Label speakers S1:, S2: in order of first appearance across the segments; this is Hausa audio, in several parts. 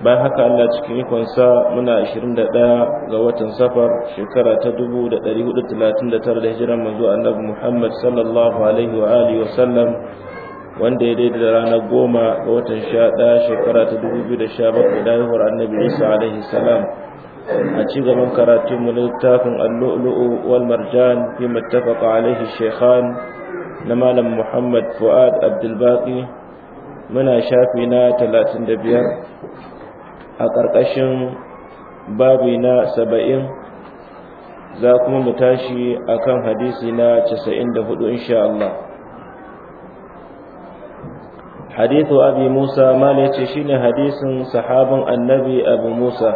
S1: bayan haka Allah cikin ikonsa muna 21 ga watan safar shekara ta 1439 da hijiran manzo annabi Muhammad sallallahu alaihi wa alihi wa sallam wanda ya daidai da ranar goma ga watan sha ɗaya shekara ta dubu biyu da sha bakwai da haihuwar annabi Isa alaihi salam a ci gaban karatun mu littafin al-lu'lu'u wal marjan fi muttafaqa alaihi shaykhan na malam Muhammad Fuad abdulbaqi muna shafi na talatin da biyar. a ƙarƙashin babi na saba'in za kuma mu tashi a kan hadisi na casa'in da hudu insha Allah hadithu abi musa mala shi ne hadisin sahabin annabi abu musa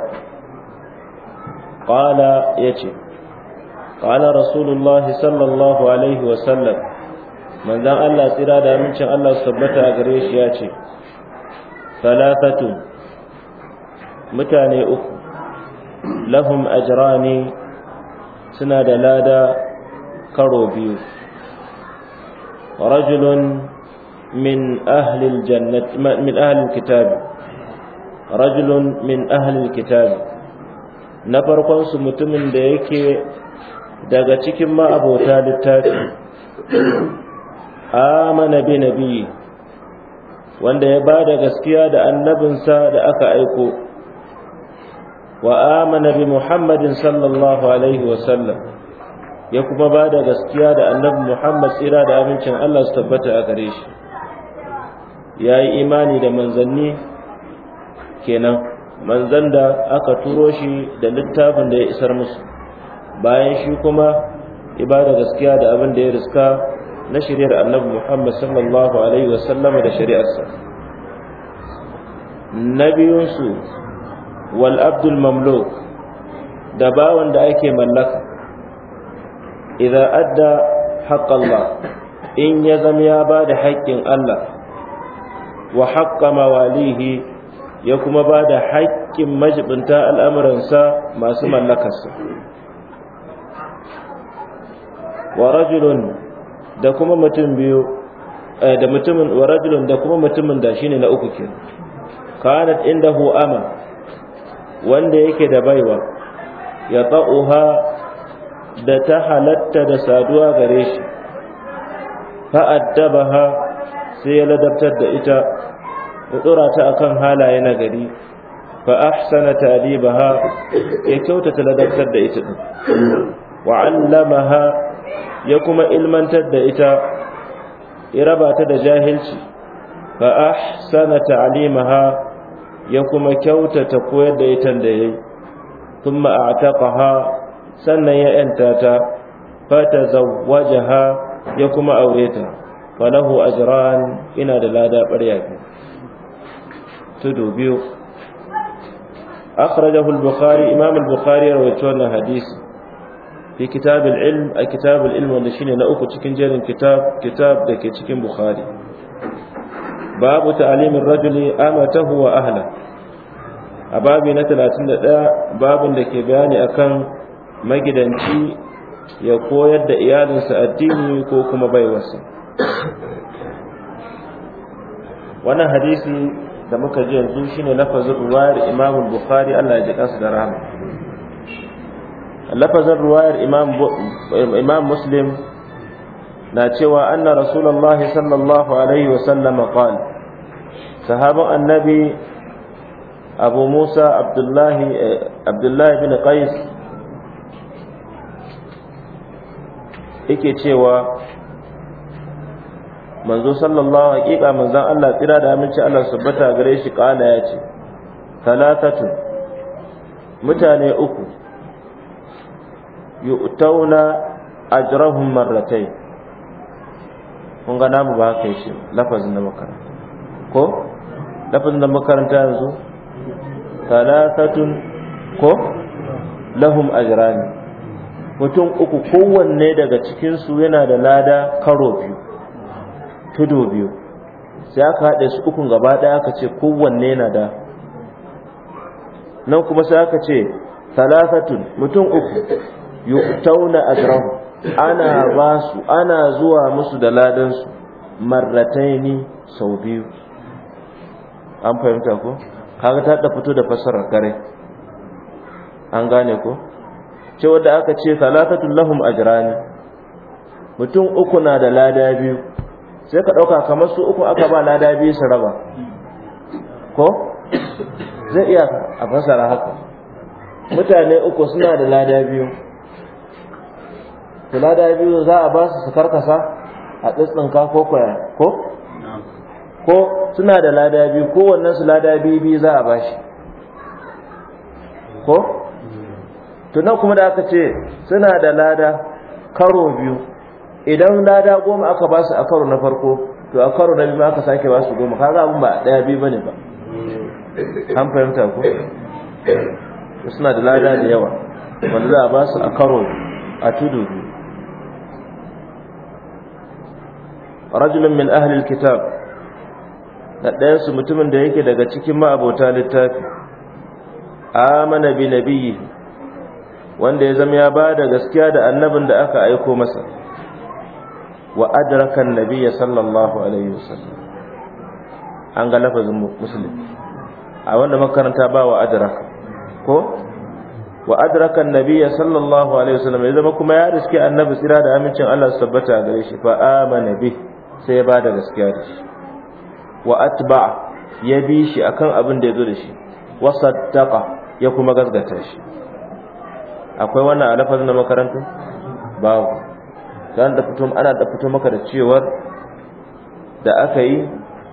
S1: ya ce. ƙala rasulullahi sallallahu alaihi wa manzan Allah tsira da amincin Allah su tabbata a gare shi ya ce. salasatun mutane uku lahum ajrani suna da lada karo biyu rajulun min ahlil jannat min ahlil kitab rajulun min ahlil kitab na farkon su mutumin da yake daga cikin ma'abota littafi amana bi nabi wanda ya bada gaskiya da annabinsa da aka aiko وآمن بمحمد صلى الله عليه وسلم ya kuma ba da gaskiya da annabi Muhammad tsira da amincin Allah su tabbata a gare shi ya yi imani da manzanni kenan manzan da aka turo shi da littafin da ya isar musu bayan shi kuma ibada gaskiya da abin da ya riska na shari'ar annabi Muhammad sallallahu alaihi wasallama da shari'arsa na biyunsu wal abdul mamluk da bawan da ake mallaka idza adda Allah, in ya zama ya ba da haƙƙin Allah wa haqqa mawalihi ya kuma ba da haƙƙin majibinta al'amuransa
S2: masu mallakarsa
S1: wa rajulun da kuma mutum biyu eh, da mutumin wa rajulun da kuma mutumin da shine na uku ke kanat indahu ama wanda yake da baiwa ya ta'uha da ta halatta da saduwa gare shi fa'addabaha sai ya ladabtar da ita ya tsora ta akan halaye na gari fa ahsana talibaha ya kyautata ladabtar da ita wa allamaha ya kuma ilmantar da ita ya raba ta da jahilci fa ahsana ta'limaha ya kuma kyautata koyar da ita da yayi thumma a'taqaha sannan ya yanta ta fatazawwajaha ya kuma aure ta falahu ajran ina da lada ɓarya ke tudu biyu akhrajahu al-bukhari imam al-bukhari wannan hadisi fi kitab al-ilm a kitab al-ilm wanda shine na uku cikin jerin kitab kitab da ke cikin bukhari babu ta'alimin rajuli amatahu wa ahla a babi na 31 babin da ke bayani akan magidanci ya koyar da iyalinsa addini ko kuma baiwarsa wannan hadisi da muka ji yanzu shine lafazin ruwayar Imam Bukhari Allah ya ji kansa da rahama lafazin ruwayar Imam Imam Muslim na cewa anna rasulullahi sallallahu alaihi wa wasallama qala sahaban annabi abu musa abdullahi eh, abdullahi bin qais yake cewa manzo sallallahu haƙiƙa manzon Allah tsira da aminci Allah subbata gare shi ƙala ya ce talatatu mutane uku yu'tauna ajrahum marratayn kun ga namu ba haka yace lafazin da makaranta ko lafazin da makaranta yanzu talatatun ko lahum ajran mutum uku kowanne daga cikin su yana da lada karo biyu tudu biyu sai aka haɗe su uku gaba ɗaya aka ce kowanne yana da nan kuma sai aka ce talatatun mutum uku yuktauna ajran
S2: ana
S1: ba su ana zuwa musu da ladansu marrataini sau biyu an fahimta ko kaga ta da fito da fasarar kare an gane ko ce wanda aka ce salatatul lahum ajrani mutum uku na da lada biyu sai ka dauka kamar su uku aka ba lada biyu su raba ko zai iya a fasara haka mutane uku suna da lada biyu to lada biyu za a ba su su karkasa a tsitsinka ko kwaya ko ko suna da lada biyu wannan su lada biyu biyu za a ba shi ko to nan kuma da aka ce suna da lada karo biyu idan lada goma aka ba su a karo na farko to a karo na biyu aka sake ba su goma kaga abin ba daya biyu bane ba
S2: an fahimta ko
S1: suna da lada da yawa wanda za a ba su a karo a tudu biyu rajulun min ahlil kitab da ɗayansu mutumin da yake daga cikin ma'abota littafi amana bi nabiyyi wanda ya zama ya ba da gaskiya da annabin da aka aiko masa wa adraka annabiyya sallallahu alaihi wasallam an ga lafazin musulmi a wanda makaranta ba wa adraka ko wa adraka annabiyya sallallahu alaihi wasallam ya zama kuma ya riske annabi tsira da amincin Allah su tabbata gare shi fa amana bihi sai ya ba da gaskiya da shi wa atba ya bi shi akan abin da ya zo da shi wa saddaqa ya kuma gaskata shi akwai wannan a lafazin na makaranta babu dan da fito ana da fito maka da cewar da aka yi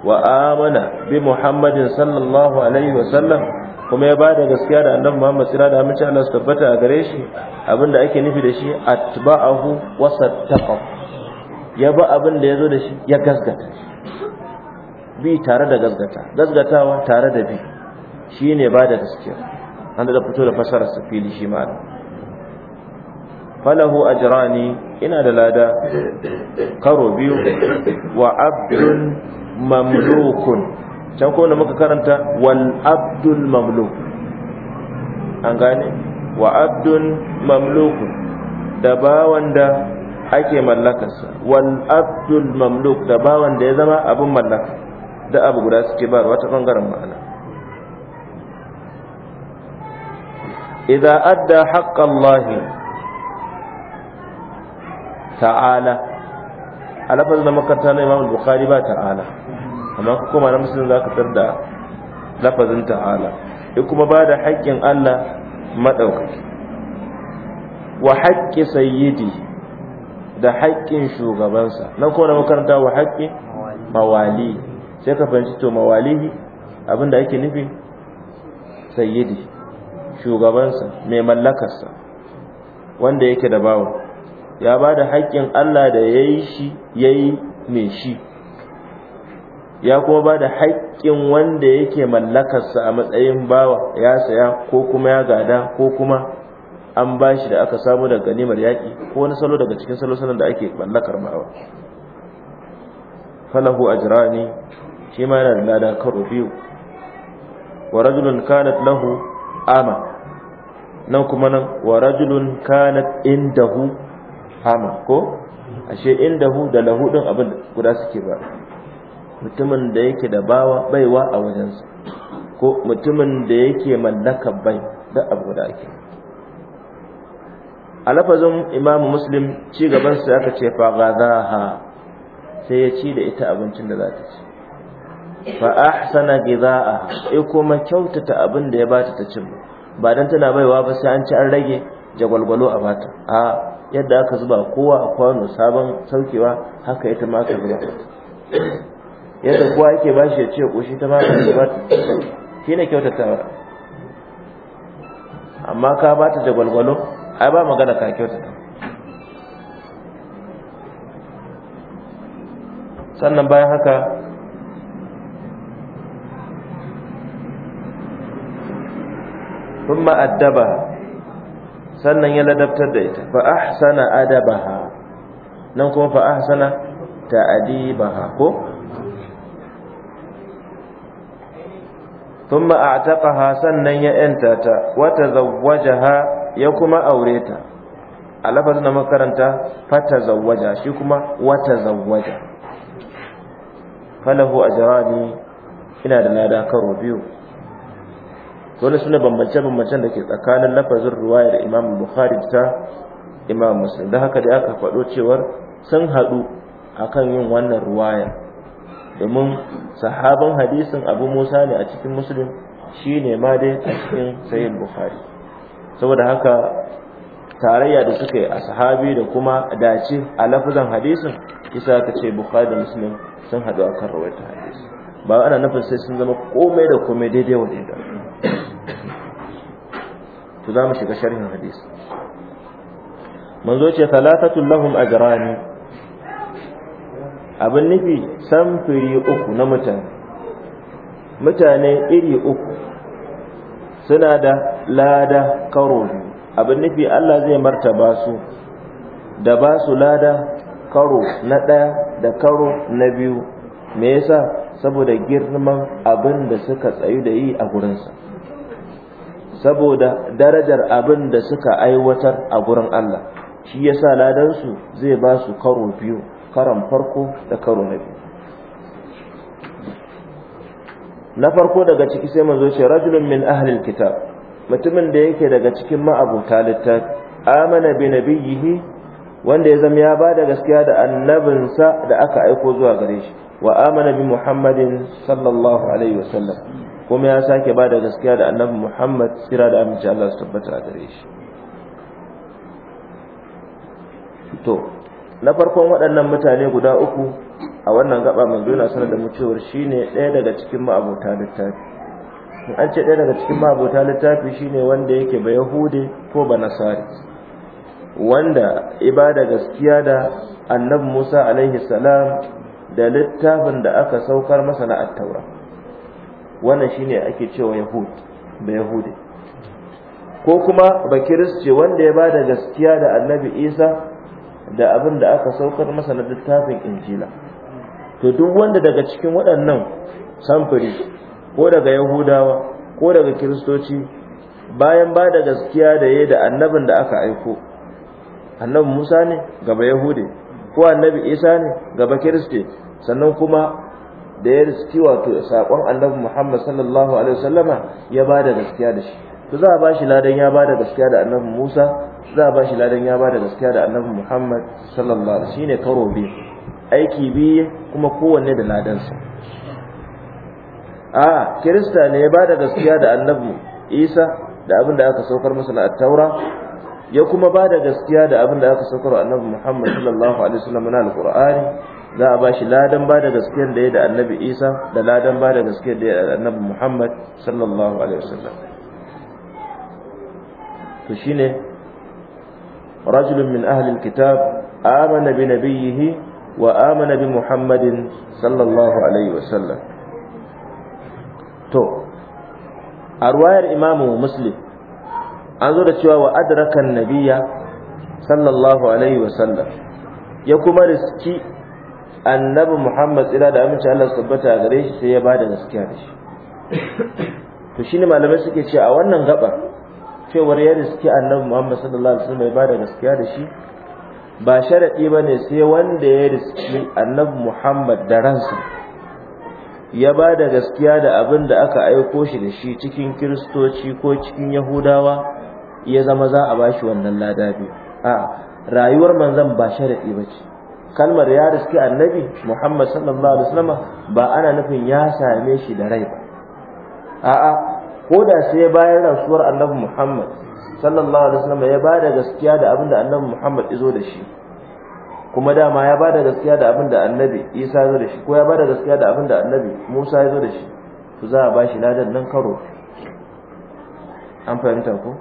S1: wa amana bi muhammadin sallallahu alaihi wa sallam kuma ya bada gaskiya da annabi Muhammad sira da amince Allah su tabbata a gare shi abinda ake nufi da shi atba'ahu wa sattaqahu ya ba abin da ya zo da shi ya gasgata bi tare da gasgata gasgatawa tare da bi shi ne ba da gaskiya an da fito da fasara su fili shi ma'ana falahu ajrani ina da lada
S2: karo biyu wa abdun
S1: mamlukun can ko muka karanta wal abdul mamluk an gane wa abdun mamlukun da ba wanda. ake mallakarsa wal abdul mamluk da bawan da ya zama abin mallaka da abu guda suke ba wata bangaren ma'ana idza adda haqqa Allah ta'ala a da makarta na imam bukhari ba ta'ala amma kuma na musulun zaka tarda lafazin ta'ala ya kuma ba da haƙƙin Allah madaukaki
S2: wa haƙƙi
S1: sayyidi da haƙƙin shugabansa na ko makaranta wa haƙƙin mawali sai ka fahimci to mawali abin da ake nufi sayyidi shugabansa mai mallakarsa wanda yake da bawa ya ba da haƙƙin Allah da ya yi shi ya yi mai shi ya kuma ba da haƙƙin wanda yake mallakarsa a matsayin bawa ya saya ko kuma ya gada ko kuma an ba shi da aka samu daga ganimar yaƙi ko wani salo daga cikin salo-salon da ake mallakar mawa. falahu ajrani shi ma yana da lada karo biyu wa rajulun kanat lahu ama nan kuma nan wa rajulun kanat indahu ama ko ashe indahu da lahu din abin guda suke ba mutumin da yake da bawa baiwa a wajensa ko mutumin da yake mallakar bai da abu guda ake a lafazin imamu muslim ci gaban sa aka ce fa gadaha sai ya ci da ita abincin da za ta ci fa ahsana gidaaha e kuma kyautata abin da ya bata ta cin ba don tana baiwa ba sai an ci an rage jagwalgwalo a bata a yadda aka zuba kowa a kwano sabon saukewa haka ita ma aka zuba yadda kowa yake bashi ya ce koshi ta ma aka zuba shine kyautatawa amma ka bata jagwalgwalo ai ba magana ka kyautata sannan bayan haka kuma addaba sannan ya ladabtar da ita fa ahsana adabaha nan kuma fa ahsana ta'adibaha ko thumma a'taqaha sannan ya yanta ta wa tazawwajaha ya kuma aure ta a lafazin na makaranta fata zawaja shi kuma wata zawaja falahu jirani ina da nada karo biyu Wani suna bambance-bambancen da ke tsakanin lafazin ruwaya da imam bukhari ta imam musulun da haka da aka faɗo cewar sun haɗu kan yin wannan ruwaya domin sahaban hadisin abu musa ne a cikin musulun shi ne ma dai a cikin sayin bukhari saboda haka tarayya da suka yi a sahabi da kuma dace a lafazan hadisin isa ka ce bukhari da muslim sun haɗu akan rawaita hadisi ba ana nufin sai sun zama komai da komai daidai wa daidai to za mu shiga sharhin hadisi manzo ce talatatul lahum ajrani abin nufi samfuri uku na mutane mutane iri uku suna da lada karo biyu abin nufi Allah zai martaba su da ba su lada karo na ɗaya da karo na biyu me yasa saboda girman abin da suka tsayu da yi a gurinsa saboda darajar abin da suka aiwatar a gurin Allah shi yasa ladansu zai ba su karo biyu karon farko da karo na biyu na farko daga ciki sai manzo ce rajulun min ahli alkitab mutumin da yake daga cikin ma'abuta littafi amana bi nabiyhi wanda ya zama ya ba da gaskiya da annabinsa da aka aiko zuwa gare shi wa amana bi muhammadin sallallahu alaihi wasallam kuma ya sake ba da gaskiya da annabi muhammad sira da amince Allah su tabbata gare shi to na farkon waɗannan mutane guda uku a wannan gaba mai duna sanar da mu cewar shine ɗaya daga cikin ma'abota littafi in an ce ɗaya daga cikin ma'abota littafi shine wanda yake ba yahude ko ba nasari wanda ibada gaskiya da annabi Musa alaihi salam da littafin da aka saukar masa na attaura wannan shine ake cewa yahud ba yahude ko kuma ba ce wanda ya bada gaskiya da annabi Isa da abin da aka saukar masa na littafin injila to duk wanda daga cikin waɗannan samfuri ko daga yahudawa ko daga kiristoci bayan ba da gaskiya da ya da annabin da aka aiko annabin Musa ne gaba yahude ko annabi Isa ne gaba kiriste sannan kuma da ya riski wato saƙon annabin Muhammad sallallahu alaihi wasallama ya ba da gaskiya da shi to za a ba shi ladan ya ba da gaskiya da annabin Musa za a ba shi ladan ya ba da gaskiya da annabin Muhammad sallallahu alaihi shine karo biyu aiki biyu kuma kowanne da ladansa a kirista ne ya ba da gaskiya da annabi isa da abin da aka saukar masa na attaura ya kuma ba da gaskiya da abin da aka saukar annabi muhammad sallallahu alaihi wasallam na alqur'ani za a bashi ladan ba da gaskiya da ya da annabi isa da ladan ba da gaskiya da ya da annabi muhammad sallallahu alaihi wasallam to shine rajulun min ahli alkitab amana bi nabiyhi Wa وآمن Muhammadin sallallahu alaihi wa sallam. to arwayar ruwayar imamu muslim an zo da cewa wa adrakan nabiya sallallahu alaihi wa sallam ya kuma riski annabi muhammad tsira da aminci allah tabbata gare shi sai ya bada gaskiya da shi to shine malamai suke cewa a wannan gaba cewar ya riski annabi muhammad sallallahu alaihi wasallam ya bada gaskiya da shi ba sharaɗi ba ne sai wanda ya riski annabi muhammad da ransa ya ba da gaskiya da abin da aka aiko shi da shi cikin kiristoci ko cikin yahudawa ya zama za a bashi wannan lada biyu a rayuwar manzan ba sharaɗi ba ce kalmar ya riski annabi muhammad sallallahu alaihi wasallam ba ana nufin ya same shi da rai ba a'a ko da sai bayan rasuwar annabi muhammad sallallahu alaihi wasallam ya bada gaskiya da abinda annabi Muhammad izo da shi kuma dama ya bada gaskiya da abinda annabi Isa izo da shi ko ya bada gaskiya da abinda annabi Musa izo da shi to za a bashi ladan nan karo an fahimta ko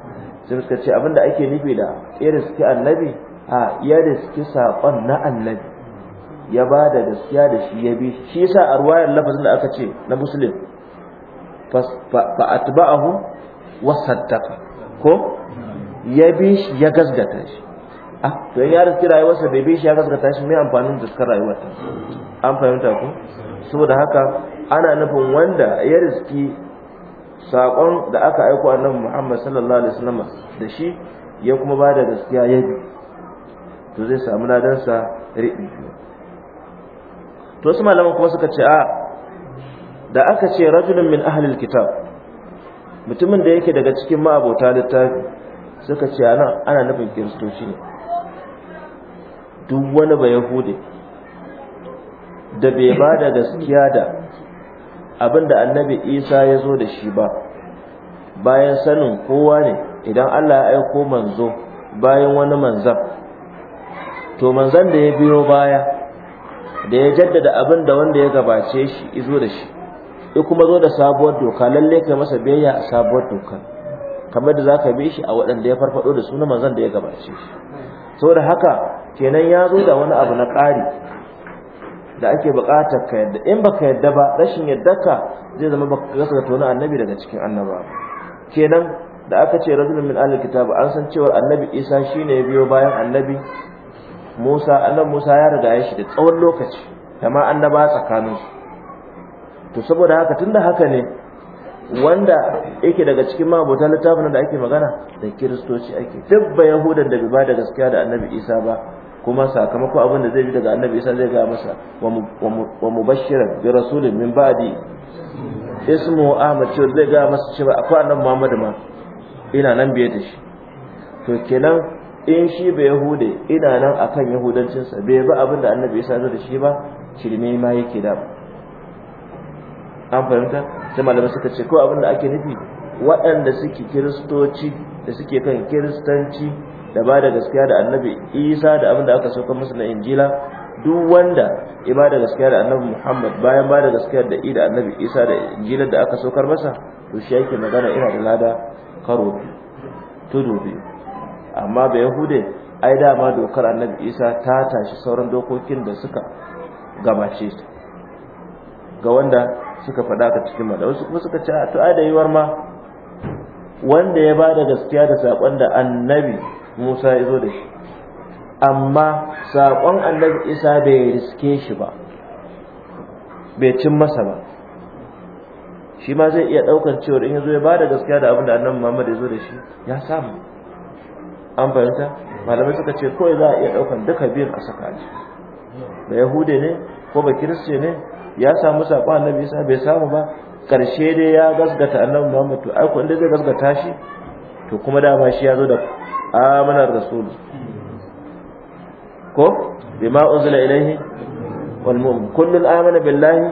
S1: sai suka ce abinda ake nufi da irin suke annabi a ya da suke sakon na annabi ya bada gaskiya da shi ya bi shi sa a ruwayar lafazin da aka ce na muslim fa atba'ahu wa saddaka. ko ya bi shi ya gasgata shi ah to ya riski rayuwarsa bai bi shi ya gasgata shi mai amfanin riskar rayuwar ta an fahimta ko saboda haka ana nufin wanda ya riski saƙon da aka aiko annabi Muhammad sallallahu alaihi wasallam da shi ya kuma ba da gaskiya ya bi to zai samu ladansa riɓi to su malaman kuma suka ce a da aka ce rajulun min ahlil kitab mutumin da yake daga cikin ma'abota littafi suka ce ana ana nufin kiristoci ne duk wani ba yahude da bai ba da gaskiya da abinda annabi isa ya zo da shi ba bayan sanin kowa ne idan allah ya aiko manzo bayan wani manzan to manzan da ya biyo baya da ya jaddada abin da wanda ya gabace shi izo da shi ya kuma zo da sabuwar doka lalle kai masa biyayya a sabuwar doka kamar da zaka bi shi a waɗanda ya farfado da sunan manzon da ya gabace shi saboda haka kenan ya zo da wani abu na ƙari da ake buƙatar ka yadda in baka yadda ba rashin yaddarka zai zama baka gaskata wani annabi daga cikin annaba kenan da aka ce rajulun min alal kitab an san cewa annabi Isa shine ya biyo bayan annabi Musa annabi Musa ya riga ya shi da tsawon lokaci da ma annaba tsakaninsu to saboda haka tunda haka ne wanda yake daga cikin mabuta littafin da ake magana da kiristoci ake dabba yahudan da bai ba da gaskiya da annabi isa ba kuma sakamako abin da zai bi daga annabi isa zai ga masa wa mubashiran bi rasulin min ba'di ismu ahmad cewa zai ga masa cewa akwai annabi muhammad ma ina nan biye da shi to kenan in shi bai yahude ina nan akan yahudancinsa bai ba abin da annabi isa zai da shi ba shirme ma yake da an fahimta sai malamai suka ce ko abin da ake nufi waɗanda suke kiristoci da suke kan kiristanci da ba da gaskiya da annabi isa da abin da aka sauka musu na injila duk wanda ya ba da gaskiya da annabi muhammad bayan ba da gaskiya da i da annabi isa da injila da aka saukar masa to shi yake magana ina da lada karo tudu biyu amma ba yahude ai dama dokar annabi isa ta tashi sauran dokokin da suka gabace ga wanda suka faɗa ka cikin mada wasu kuma suka ce to ai da yiwar ma wanda ya bada gaskiya da sakon da annabi Musa ya zo da shi amma sakon annabi Isa bai riske shi ba bai cin masa ba shi ma zai iya daukar cewa in yazo ya bada gaskiya da abin da annabi Muhammad ya zo da shi ya samu an fahimta malamai suka ce kawai za a iya daukar duka biyun a saka a ciki ba yahude ne ko ba kiriste ne ya samu sako annabi isa bai samu ba ƙarshe dai ya gasgata annabi muhammad to ai ko inda zai gasgata shi to kuma da ba shi ya zo da amana rasul ko bima unzila ilaihi
S2: wal mu'min kullun amana billahi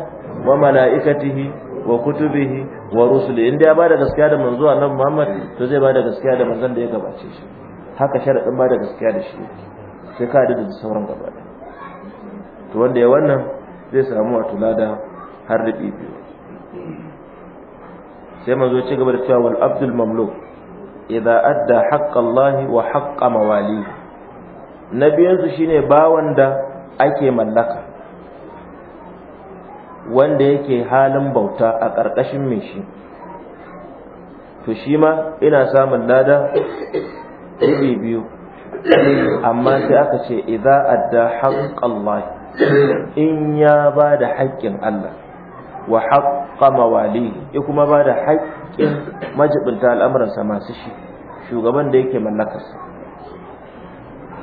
S2: wa malaikatihi wa kutubihi wa rusuli inda ya bada gaskiya da manzo annabi muhammad to zai bada gaskiya da manzon da ya gabace shi
S1: haka sharadin bada gaskiya da shi sai ka da sauran gaba to wanda ya wannan zai samu a tulada har riɓi biyu sai manzo ci gaba da cewa wal abdul mamlo idza adda haqqa Allah wa haqqa mawali nabiyansu shine bawan da ake mallaka wanda yake halin bauta a ƙarƙashin mai shi to shi ma ina samun lada riɓi biyu amma sai aka ce idza adda haqqa Allah in ya ba da haƙƙin Allah wa haƙƙa mawali? ya kuma ba da haƙƙin majibinta al'amuransa masu shi shugaban da yake mallakarsa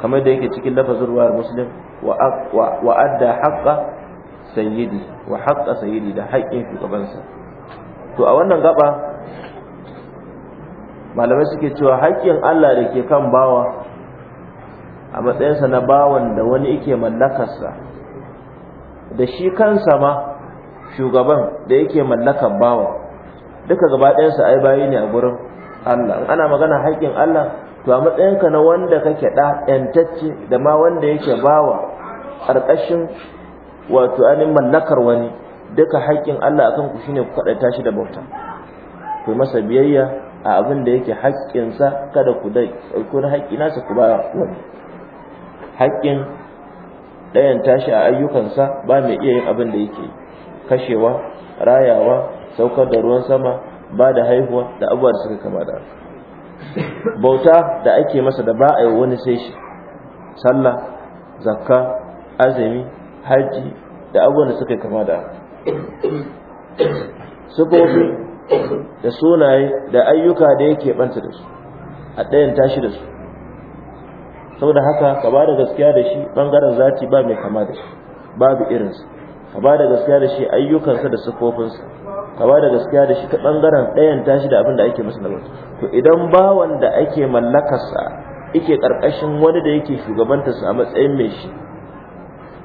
S1: kamar da yake cikin lafazin ruwayar musulun, wa adda haƙƙa sayidi wa haƙƙa sayidi da haƙƙin shugabansa to a wannan gaba malamai suke cewa haƙƙin Allah da ke kan bawa a matsayinsa na bawan da wani yake mallakarsa da shi kansa ma shugaban da yake mallakan bawa duka gaba sa ai bayi ne a gurin Allah ana magana haƙin Allah to a matsayinka na wanda kake da ƴantacce da ma wanda yake bawa ƙarƙashin wato anin mallakar wani duka haƙin Allah akan ku shine ku kaɗaita shi da bauta ku masa biyayya a abin da yake haƙƙinsa kada ku dai ku na haƙƙi nasa ku ba wani haƙƙin ɗayan tashi a ayyukansa ba mai iya yin abin da yake kashewa rayawa saukar da ruwan sama ba da haihuwa da abubuwa da suka kama da bauta da ake masa da ba a yi wani sai shi sallah zakka azumi haji, da abubuwan da suka kama da sufofi da sunaye da ayyuka da yake banta da su a ɗayan tashi da su saboda haka ka ba da gaskiya da shi bangaren zati ba mai kama da shi babu irinsa ka ba da gaskiya da shi ayyukansa da sifofinsa ka ba da gaskiya da shi ta bangaren ɗayan tashi da abin da ake masa nauyi to idan bawan da ake mallakarsa yake karkashin wani da yake shugabantarsa a matsayin mai shi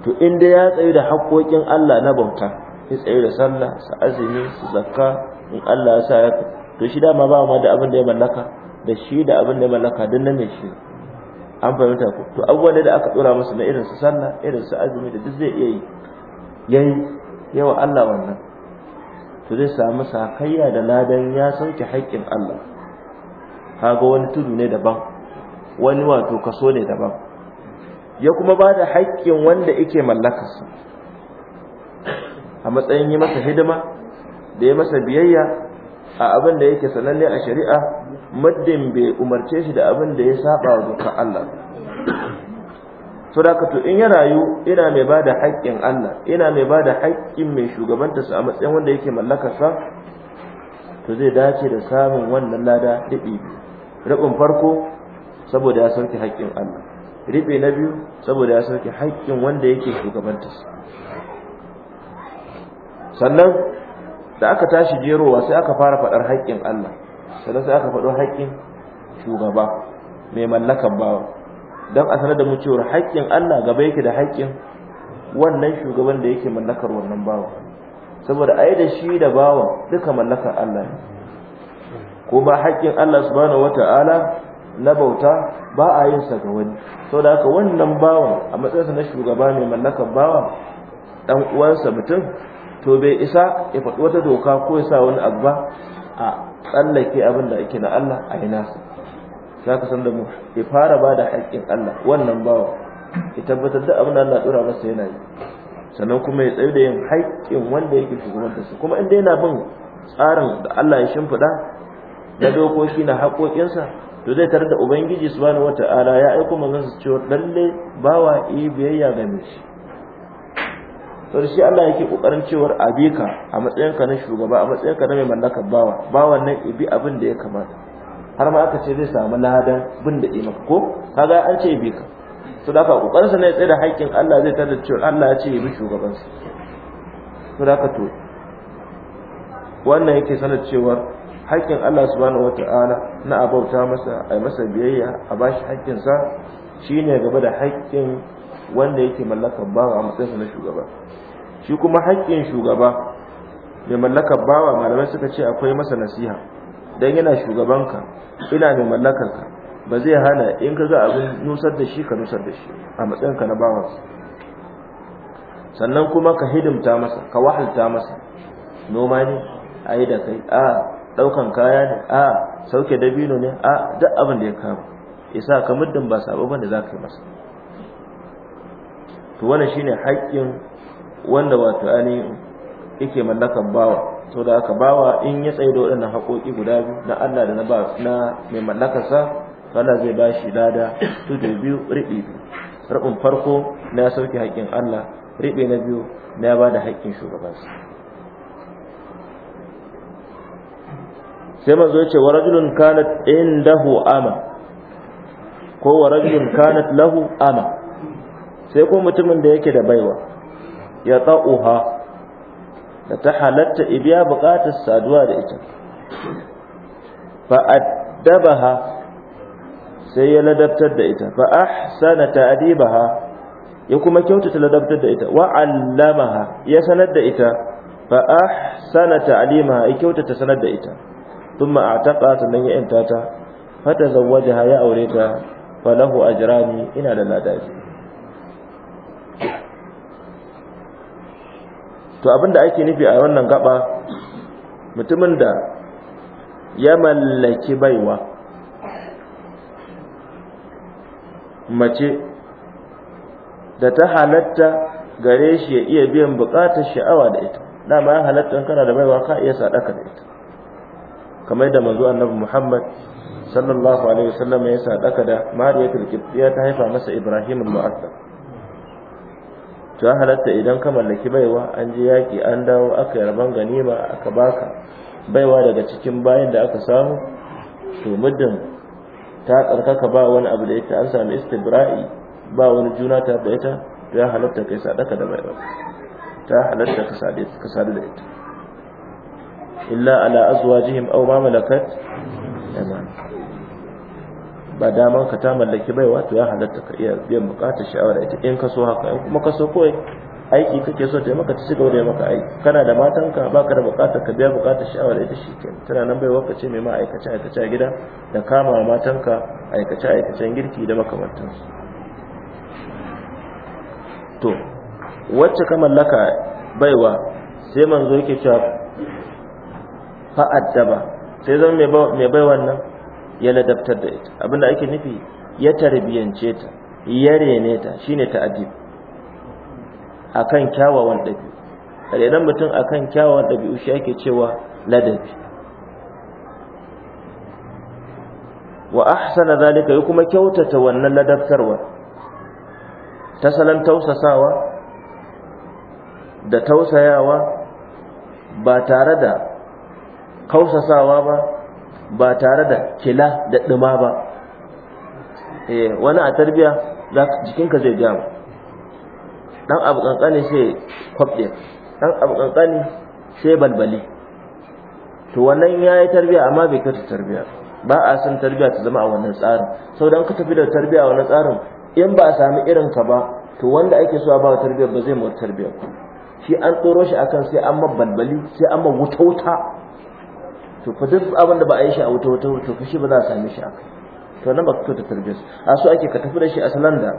S1: to inda ya tsayu da haƙoƙin Allah na bauta ya tsayu da sallah su azumi su zakka in Allah ya sa ya to shi dama ba ma da abin da ya mallaka da shi da abin da ya mallaka dan na mai shi an fahimta ku? to abubuwan da aka dora masa na irin su sallah irin su azumi da duk zai iya yi yayi yawa Allah wannan to zai samu sakayya da ladan ya sauke haƙƙin Allah kaga wani tudu ne daban wani wato kaso ne daban ya kuma ba da haƙƙin wanda yake
S2: mallakarsa
S1: a matsayin yi masa hidima da ya masa biyayya a abin da yake sananne a shari'a muddin bai umarce shi da abin da ya saba wa Allah saboda to in ya rayu ina mai bada haƙƙin Allah ina mai bada haƙƙin mai shugabanta su a matsayin wanda yake mallakar sa to zai dace da samun wannan lada daɗi rabin farko saboda ya sauke haƙƙin Allah ribe na biyu saboda ya sauke haƙƙin wanda yake shugabanta su sannan da aka tashi jerowa sai aka fara faɗar haƙƙin Allah sannan sai aka faɗo haƙƙin shugaba mai mallakan bawa don a sanar da mu cewar haƙƙin Allah gaba yake da haƙƙin wannan shugaban da yake mallakar wannan bawa saboda ai da shi da bawa duka mallakar Allah ne kuma haƙƙin Allah subhanahu wata'ala na bauta ba a yin sa ga wani saboda haka wannan bawa a matsayinsa na shugaba mai mallakar bawa dan uwansa mutum to bai isa ya faɗi wata doka ko ya sa wani abu ba a tsallake abin da ake na Allah a yi nasa za ka san da mu ya fara ba da haƙƙin Allah wannan bawa ya tabbatar da abin da Allah tsura masa yana yi sannan kuma ya tsaye da yin haƙƙin wanda yake shugabantar su kuma inda yana bin tsarin da Allah ya shimfiɗa na dokoki na haƙoƙinsa to zai tare da ubangiji subhanahu wata'ala ya aiko manzon su cewa lalle bawa yi biyayya ga mai shi to shi Allah yake kokarin cewar abika a matsayinka na shugaba a matsayinka na mai mallakar bawa bawan nan ibi abin da ya kamata har ma aka ce zai samu ladan bin da ima ko kaga an ce ibi ka to da ka kokarin sa ne tsaye da haƙƙin Allah zai tada cewa Allah ya ce ibi shugaban sa to da ka to wannan yake sanar cewa haƙƙin Allah subhanahu wata'ala na abauta masa a masa biyayya a bashi haƙƙinsa shine gaba da haƙƙin wanda yake mallakar bawa a matsayinsa na shugaba shi kuma haƙƙin shugaba mai mallakar bawa malamai suka ce akwai masa nasiha don yana shugabanka ina mai mallakarka ba zai hana in ka ga abin nusar da shi ka nusar da shi a matsayinka na bawansa sannan kuma ka hidimta masa ka wahalta masa noma ne a yi da kai a ɗaukan kaya ne a sauke dabino ne a duk abin da ya kama isa ka muddin ba sabo bane za ka yi masa to wannan shine haƙƙin
S2: wanda wato ani yake mallakan bawa to da aka bawa in ya tsaye da waɗannan haƙoƙi guda biyu na Allah da na ba na mai sa Allah
S1: zai ba shi lada tudu biyu riɓi Rabin farko na sauke haƙƙin Allah riɓe na biyu na ba da haƙƙin shugabansa sai manzo ce wa rajulun kanat indahu ama ko wa rajulun kanat lahu ama sai ko mutumin da yake da baiwa ya ta'uha da ta halatta ibiya buƙatar saduwa da ita addabaha sai ya ladabtar da ita fa ahsana ta'dibaha ya kuma kyautata ladabtar da ita wa allamaha ya sanar da ita fa ahsana ta'limaha ya kyautata sanar da ita thumma ataqa sannan ya intata fa tazawwajaha ya aureta falahu ajrani ina da ladabi to abinda ake nufi a wannan gaba mutumin da ya mallaki baiwa mace da ta halatta gare shi ya iya biyan bukatar sha'awa da ita dama ya halatta kana da baiwa ka iya sadaka da ita kamar da manzo annabi Muhammad sallallahu alaihi wasallam ya sadaka da Mariyatul Qibtiyya ta haifa masa Ibrahim muazzam to a halatta idan ka mallaki baiwa an je yaki an dawo aka yarban ganima aka baka baiwa daga cikin bayan da aka samu to muddin ta karkaka ba wani abu da ita an sami istibra'i ba wani juna ta da ita to a halatta kai sadaka da baiwa ta halatta ka sadu da ita illa ala azwajihim aw ma malakat ba daman ka ta mallaki baiwa to ya halatta ka iya biyan bukatar sha'awar ita in ka so haka in kuma ka so kawai aiki kake so ta maka ta ci gaba da maka aiki kana da matanka ka da bukatar ka biya bukatar sha'awar ita kenan tana nan baiwa ka ce mai ma aikace a gida da kama matanka aikace aikacen girki da makamantansu to wacce ka mallaka baiwa sai manzo yake cewa fa'addaba sai zan mai baiwan nan ya ladabtar da ita abinda ake nufi ya tarbiyance ta ya rene ta shine ta'adib akan kyawawan ɗabi'u idan mutum akan kyawawan ɗabi'u shi ake cewa ladabi wa ahsana zalika ya kuma kyautata wannan ladabtarwa ta salon tausasawa da tausayawa ba tare da kausasawa ba ba tare da kila da ɗuma ba eh, wani a tarbiya jikinka zai gama ɗan abu ƙanƙani sai kwafɗe. ɗan abu ƙanƙani sai balbali to wannan ya yi tarbiya amma bai kyauta tarbiya ba a san tarbiya ta zama a wannan tsarin sau don ka tafi da tarbiya a wannan tsarin in ba a sami irin ka ba to wanda ake so a ba tarbiya ba zai mawar tarbiya shi an tsoro shi akan sai an ma balbali sai an ma wuta wuta to fa duk abin da ba a yi shi a wuta wuta to shi ba za a same shi aka to nan ba ka kyauta tarbiyyar a so ake ka tafi da shi a salon da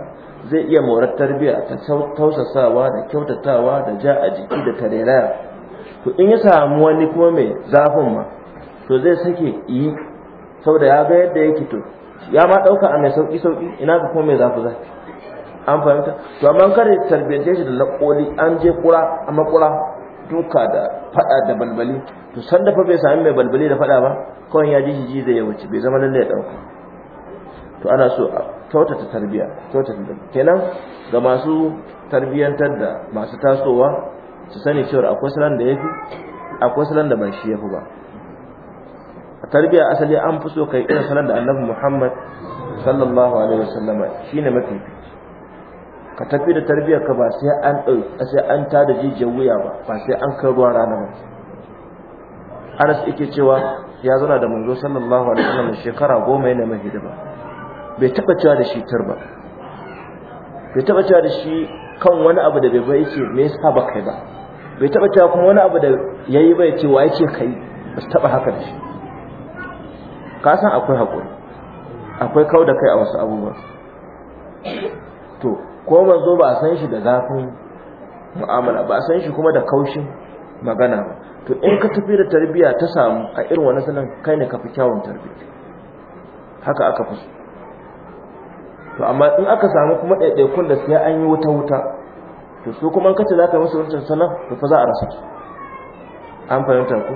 S1: zai iya morar tarbiyya ta tausasawa da kyautatawa da ja a jiki da tareraya to in ya samu wani kuma mai zafin ma to zai sake yi saboda ya ga yadda yake to ya ma ɗauka a mai sauƙi sauƙi ina ka kuma mai zafi zafi an fahimta to amma kare tarbiyyar shi da na an je kura a makura duka da fada da balbali to san da fa bai sami mai balbali da fada ba kawai ya ji jiji da ya wuce bai zama lalle ya dauka to ana so a kyautata tarbiya kyautata da kenan ga masu tarbiyantar da masu tasowa su sani cewa akwai salon da yafi akwai salon da ban shi yafi ba a tarbiyya asali an fi so kai irin salon da annabi Muhammad sallallahu alaihi wasallama shine mafi ka tafi da tarbiyyar ka ba sai an ɗauki sai an tada jijiyar wuya ba ba sai an kai ruwa rana ba Anas yake cewa ya zana da manzo sallallahu alaihi wasallam shekara goma yana mai hidima bai taba cewa da shi tur ba bai taba cewa da shi kan wani abu da bai bai ce me yasa ba kai ba bai taba cewa kuma wani abu da yayi bai ce wa yace kai ba taba haka da shi ka san akwai hakuri akwai kauda kai a wasu abubuwa to ko manzo ba san shi da zafin mu'amala ba san shi kuma da kaushin magana ba to in ka tafi da tarbiya ta samu a irin wani sanan kai ne ka fi kyawun tarbiya haka aka fi to amma in aka samu kuma ɗaiɗaikun da sai an yi wuta wuta to su kuma kace za ka musu wancan sanan to fa za a rasa su an fahimta ku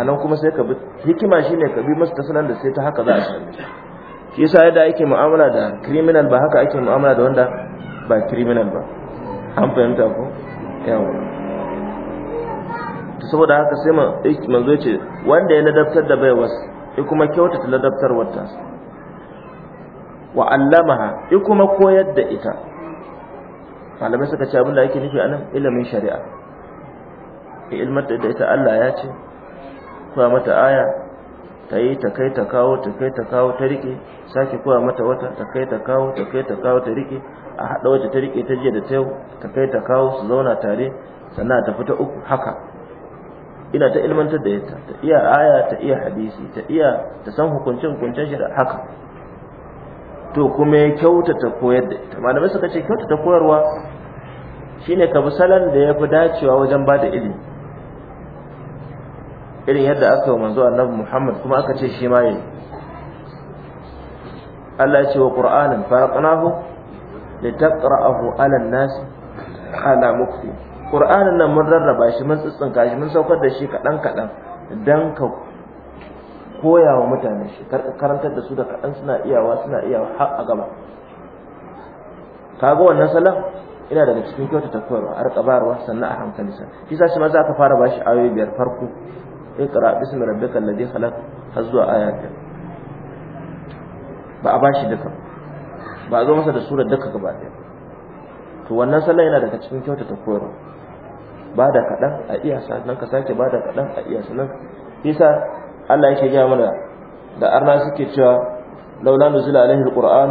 S1: anan kuma sai ka bi hikima shine ka bi musu ta sanan da sai ta haka za a sami shi yasa yadda ake mu'amala da criminal ba haka ake mu'amala da wanda ba criminal ba an fahimta ko yawa to saboda haka sai eh, manzo ce wanda ya ladabtar da baiwas ya kuma kyautata ladabtar wata wa allamaha ya kuma koyar da ita malamai suka ce abin da yake nufi anan ilimin shari'a ya ilmata da ita Allah ya ce kuwa mata aya ta yi ta kai ta kawo ta kai ta kawo ta rike sake kuwa mata wata ta kai ta kawo ta kai ta kawo ta rike a haɗa wacce ta riƙe ta jiya da ta ta kai ta kawo su zauna tare sannan ta fita uku haka ina ta ilmantar da ita ta iya aya ta iya hadisi ta iya ta san hukuncin hukuncin shi da haka to kuma ya kyautata koyar da ita malamai suka ce kyautata koyarwa shine ka bi salon da ya fi dacewa wajen ba da ilimi irin yadda aka yi manzo annabi muhammad kuma aka ce shi ma yi Allah ya ce wa qur'anin faraqnahu litaqra'ahu 'ala an nasi ala mukfi qur'anin nan mun rarraba shi mun tsitsinka shi mun saukar da shi kadan kadan dan ka koya wa mutane shi karantar da su da kadan suna iyawa suna iyawa har a gaba kaga wannan salam ina daga cikin kyauta ta koyarwa a rika sannan a hankali sa shi sa shi maza ka fara bashi ayoyi biyar farko iqra bismi rabbikal ladhi khalaq har zuwa aya ba a bashi duka ba zo masa da surar duka gaba ɗaya to wannan sallah yana daga cikin kyautata koyarwa ba da kaɗan a iya sannan ka sake ba da kaɗan a iya sannan isa Allah yake gaya mana da arna suke cewa laula nuzila alaihi alquran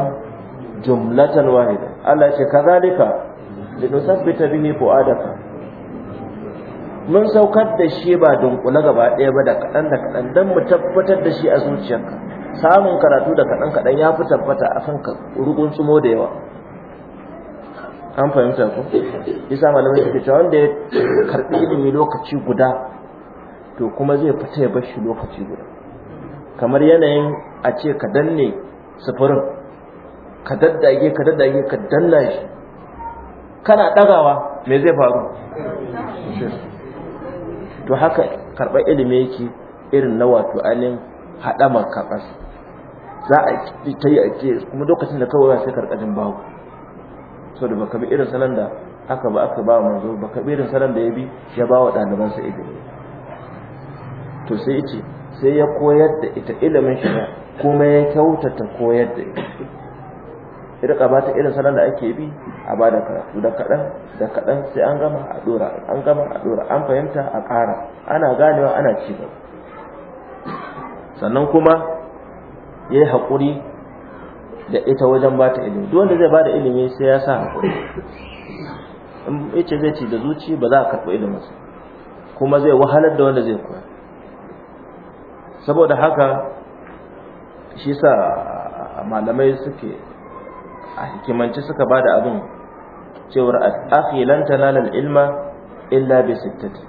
S1: jumlatan wahida Allah yake kazalika linusabbita bihi fuadaka mun saukar da shi ba dunkule gaba ɗaya ba da kaɗan da kaɗan don mu tabbatar da shi a zuciyarka samun karatu da kaɗan kaɗan ya fi tabbata a kan rugun su da yawa an fahimta ku isa malamai suke cewa wanda ya karɓi ilimi lokaci guda to kuma zai fita ya bashi lokaci guda kamar yanayin a ce ka danne sufurin ka daddage ka daddage ka danna shi kana ɗagawa me zai faru to haka karɓar ilimi yake irin na wato ainihin haɗamar kaɓas za a ta yi ake kuma lokacin da kawai sai ba babu so da baka bi irin salon da aka ba aka ba manzo baka bi irin salon da ya bi ya ba wa ɗalibansa ilimi to sai ce sai ya koyar da ita ilimin shi kuma ya kyautata koyar da ita ya rika ba ta irin salon da ake bi a ba da karatu da kaɗan da kaɗan sai an gama a ɗora an gama a ɗora an fahimta a ƙara ana ganewa ana ci gaba sannan kuma ya yi haƙuri da ita wajen ba ta ilimi duk wanda zai ba da ilimi sai ya sa haƙuri in ce zai ci da zuci ba za a karɓi iliminsa kuma zai wahalar da wanda zai koya saboda haka shi sa malamai suke a hikimanci suka ba da abin cewar lanta na tanala ilma illa bi sittati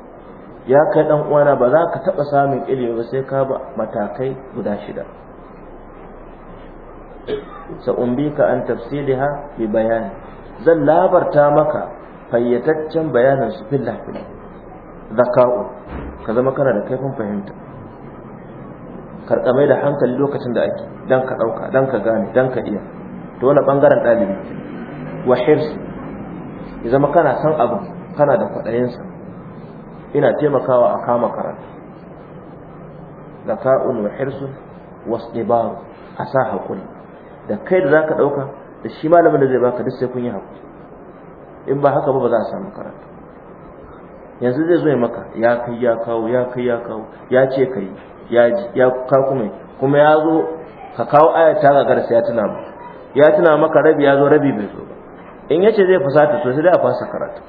S1: ya kai dan uwana ba za ka taɓa samun ilimi ba sai ka ba matakai guda shida sa'umbika an tafsiliha bi bayani zan labarta maka fayyataccen bayanin su filla filla zaka'u ka zama kana da kaifin fahimta karkamai da hankali lokacin da ake dan ka dauka dan ka gane dan ka iya to wani bangaren dalibi wa hirs ya zama kana san abu kana da kwadayin sa ina taimakawa a kama karatu zaka'un wa hirsun wasdibar asa hakuri da kai da zaka dauka da shi malamin da zai baka duk sai kun yi hakuri in ba haka ba ba za a samu karatu yanzu zai zo ya maka ya kai ya kawo ya kai ya kawo ya ce kai ya ya ka kuma kuma ya zo ka kawo ayata ga garsa ya tuna ba ya tuna maka rabi ya zo rabi bai zo ba in yace zai fasata to sai dai a fasa karatu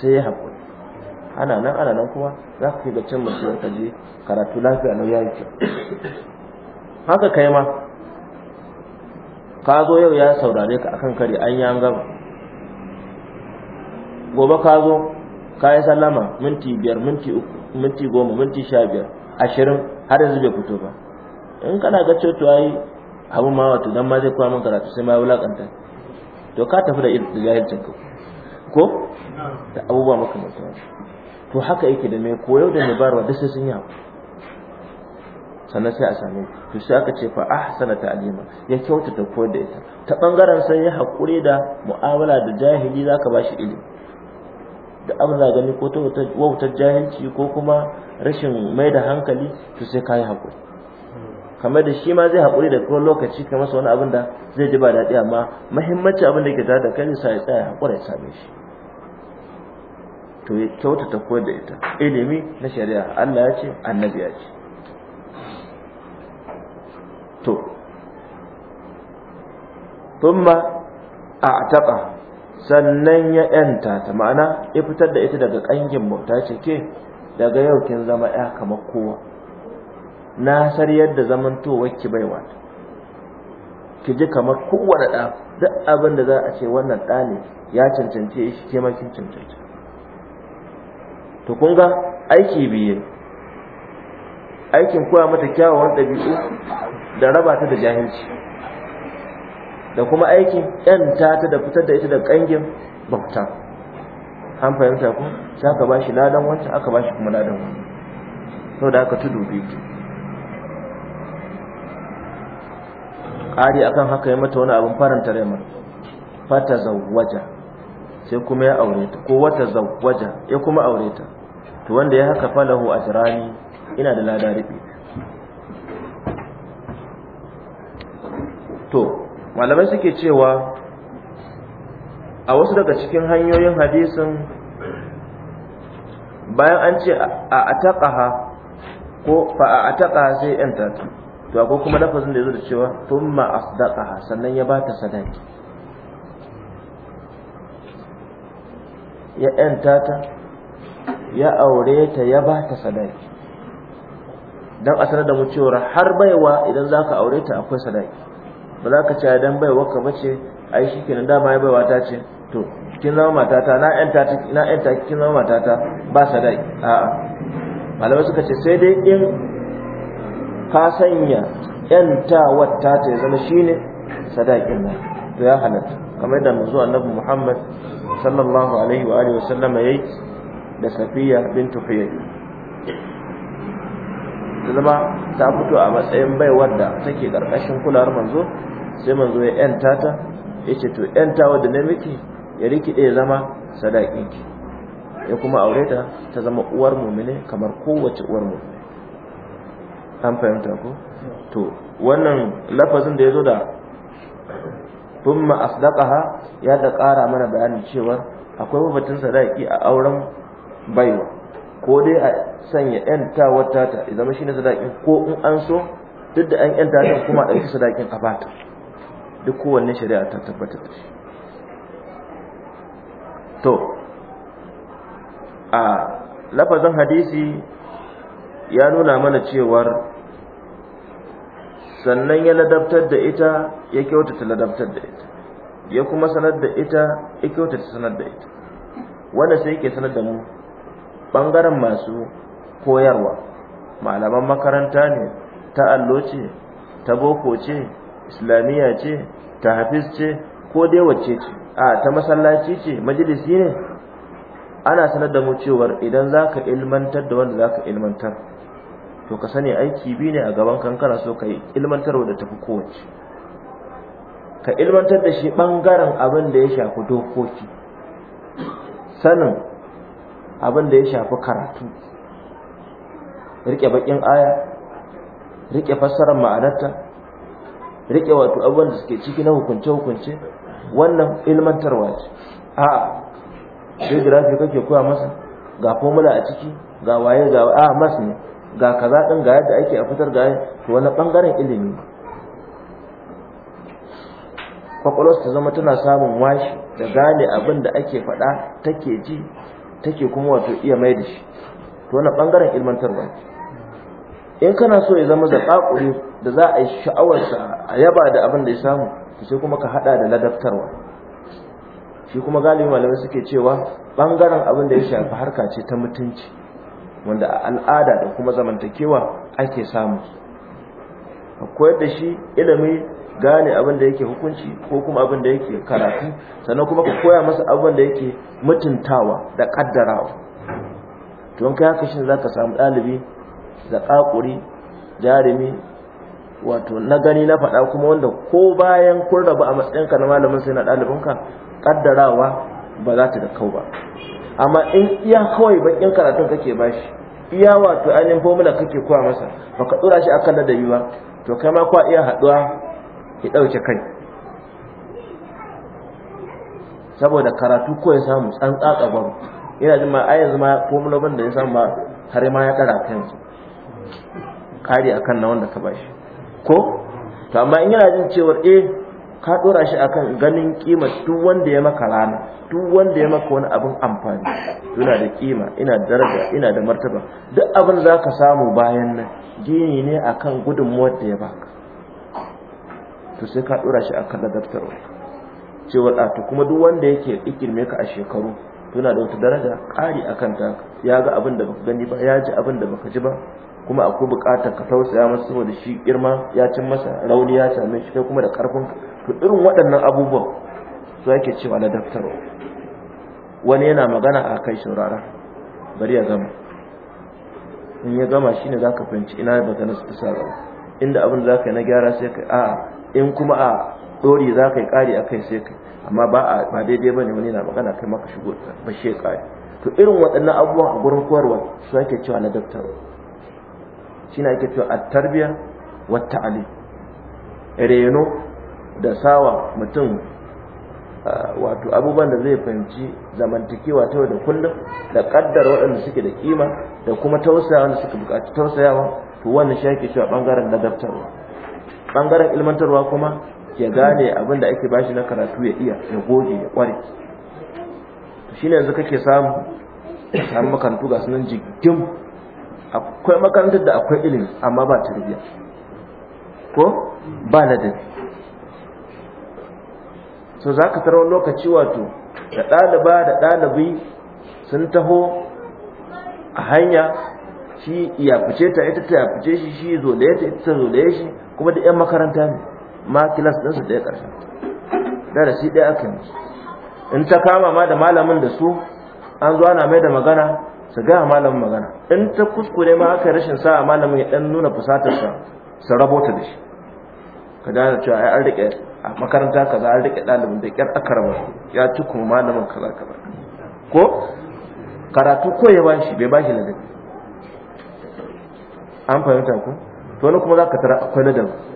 S1: sai ya haƙuri. ana nan ana nan kuma za ka fi ga cin musu ka je karatu lafiya na yayi haka kai ma ka zo yau ya saurare ka akan kare an yi an gama gobe ka zo ka yi sallama minti biyar minti uku minti goma minti sha biyar ashirin har yanzu bai fito ba in kana ga coci yi abu ma wato dan ma zai kwa min karatu sai ma wulakanta to ka tafi da jahilcin ka ko da abubuwa makamantan to haka yake da mai koyo da mai barwa duk sai sun yi sannan sai a same to sai aka ce fa ahsana ta'lima ya kyautata koyar da ita ta bangaren sai ya hakuri da mu'amala da jahili zaka bashi ilimi da amza gani ko ta wautar jahilci ko kuma rashin mai da hankali to sai kai hakuri kamar da shi ma zai hakuri da kowane lokaci kamar sa wani abin da zai ji ba daɗi amma muhimmanci abin da ke tare da kai sai ya tsaya hakura ya same shi to ya kyautata koyar da ita ilimi na shari'a Allah ya ce annabi ya ce to thumma a'taqa sannan ya yanta ta ma'ana ya fitar da ita daga kangin bauta ce ke daga yau kin zama ya kamar kowa na sar yadda zamantowar ki baiwa ki ji kamar kowane da duk abin da za a ce wannan ɗa ne ya cancanci shi ke makin cancanci to kun ga aiki biye aikin koya mata kyawawan ɗabi'u da raba ta da jahilci da kuma aikin yanta ta da fitar da ita da kangin bauta an fahimta ku sai aka bashi ladan wancan aka bashi kuma ladan wancan saboda aka tudu biyu ƙari akan haka ya mata wani abin faranta rai mai fata zawwaja sai kuma ya aure ta ko wata zawwaja ya kuma aure ta to wanda ya haka falahu ajrani ina da lada rubi to malamai suke cewa a wasu daga cikin hanyoyin hadisin bayan an ce a ataqaha ko fa a ataqaha sai yanta ta to akwai kuma lafazin da zo da cewa thumma asdaqaha sannan ya bata sadaki ya yanta ta ya aure ta ya bata sadaki dan a sanar da mu cewa har baiwa idan zaka aure ta akwai sadaki ba za ka caya don baiwa ka
S2: yi shi kenan dama ya baiwa ta ce to kin zama matata na yanta na yanta kin zama matata ba sadai a'a malamai suka ce sai dai in
S1: ka sanya yanta ta ta zama shine sadakin nan to ya halatta kamar da zuwa annabi Muhammad sallallahu alaihi wa alihi sallam yayi da Safiya bintu Huyay zama ta fito a matsayin baiwar da take karkashin kulawar manzo sai manzo ya yanta ta yace to yantawa da na miki ya rikide zama sadakin ki ya kuma aure ta ta zama uwar mu'mine kamar kowace uwar mu'mine an fahimta ko to wannan lafazin da yazo da thumma asdaqaha ya da ƙara mana bayanin cewa akwai wabatun sadaki a auren baiwa ko dai a sanya yanta wata ta zama shine sadakin ko in an so duk da an yanta ta kuma a ɗauki sadakin a bata duk kowanne shari'a ta tabbatar da shi to a lafazin hadisi ya nuna mana cewar sannan ya ladabtar da ita ya kyautata ladabtar da ita ya kuma sanar da ita ya kyautata sanar da ita wanda sai yake sanar da mu bangaren masu koyarwa malaman makaranta ne ta allo ce ta boko ce islamiyya ce ta hafiz ce ko dai wacce ce a ta masallaci ce majalisi ne ana sanar da mu cewar idan za ka ilmantar da wanda za ka ilmantar to ka sani aiki biyu ne a gaban kankana so ka yi ilmantarwa da tafi kowace ka ilmantar da shi ɓangaren abin da ya shafi dokoki sanin abin da ya shafi karatu rike bakin aya rike fassarar ma'anarta rike wato abubuwan da suke ciki na hukunce hukunce wannan ilmantarwa ce a geography kake koya masa ga formula a ciki ga waye ga a mas ne ga kaza din ga yadda ake a fitar ga to wani bangaren ilimi kwakwalwarsa ta zama tana samun washi da gane abin da ake faɗa take ji take kuma wato iya mai da shi to wani bangaren ilmantarwa ce in kana so ya zama zaƙaƙuri da za a yi sha'awarsa a yaba da abin da ya samu sai kuma ka haɗa da ladabtarwa shi kuma galibi malamai suke cewa ɓangaren abin da ya shafi harka ce ta mutunci wanda a al'ada da kuma zamantakewa ake samu Akwai koyar da shi ilimi gane abin da yake hukunci ko kuma abin da yake karatu sannan kuma ka koya masa abin da yake mutuntawa da kaddarawa don kai haka za ka samu ɗalibi Da ƙaƙuri jarumi wato na gani na faɗa kuma wanda ko bayan kun rabu a matsayinka na malamin sai na ɗalibinka kaddarawa ba za ta da kau ba amma in iya kawai bakin karatun kake bashi iya wato ainihin formula kake kowa masa ba ka tsura shi akan ladabi ba to kai ma kuwa iya haɗuwa ki ɗauke kai saboda karatu ko ya samu tsantsa gaban yana jin ma a yanzu ma formula da ya samu ba har ma ya ɗara kansa kari akan na wanda ka bashi ko to amma in yana jin cewar eh ka dora shi akan ganin kima duk wanda ya maka rana duk wanda ya maka wani abin amfani yana da kima ina da daraja ina da martaba duk abin da zaka samu bayan nan gini ne akan gudunmuwar da ya baka to sai ka dora shi akan ladabtarwa cewar a to kuma duk wanda yake ikirme ka a shekaru tuna da wata daraja ƙari a kanta ya ga abin da baka gani ba ya ji abin da baka ji ba kuma akwai buƙatar ka tausaya masa saboda shi girma ya cin masa rauni ya same shi kai kuma da ƙarfin to irin waɗannan abubuwan su ake cewa na daftar wani yana magana a kai saurara bari ya gama in ya gama shine za ka fahimci ina ba ta nasu ta sa inda abin da za ka yi na gyara sai ka a in kuma a ɗori za ka yi ƙari a kai sai ka amma ba a ba daidai bane wani na magana kai maka shigo ba shi kai to irin waɗannan abubuwa a gurin koyarwa su ake cewa na daftar shi ake cewa at-tarbiya wa Ali, reno da sawa mutum wato abubuwan da zai fahimci zamantakewa ta da kullum da kaddar waɗanda suke da kima da kuma tausayawa da suka buƙaci tausayawa to wannan shi ake cewa bangaren ladabtarwa bangaren ilmantarwa kuma ya gane abin da ake bashi na karatu ya iya ya goge ya kware to shine yanzu kake samu samu makarantu ga sunan jigim akwai makarantar da akwai ilimi amma ba tarbiyya ko ba ladabi so za ka tarwa lokaci wato da ɗaliba da ɗalibi sun taho a hanya shi ya fice ta ita ta fice shi shi zolaye ta ita ta zolaye shi kuma da 'yan makaranta ne ma kilas din su ɗaya ƙarshen darasi ɗaya aka yi in ta kama ma da malamin da su an zo ana mai da magana su gaya malamin magana in ta kuskure ma aka rashin sa malamin ya ɗan nuna sa su rabota da shi ka dana cewa ai an rike a makaranta kaza an rike ɗalibin da ƙyar aka rama ya ci kuma malamin kaza kaza ko karatu ko ya bashi bai bashi ladabi an fahimta ku to wani kuma za ka tara akwai ladabi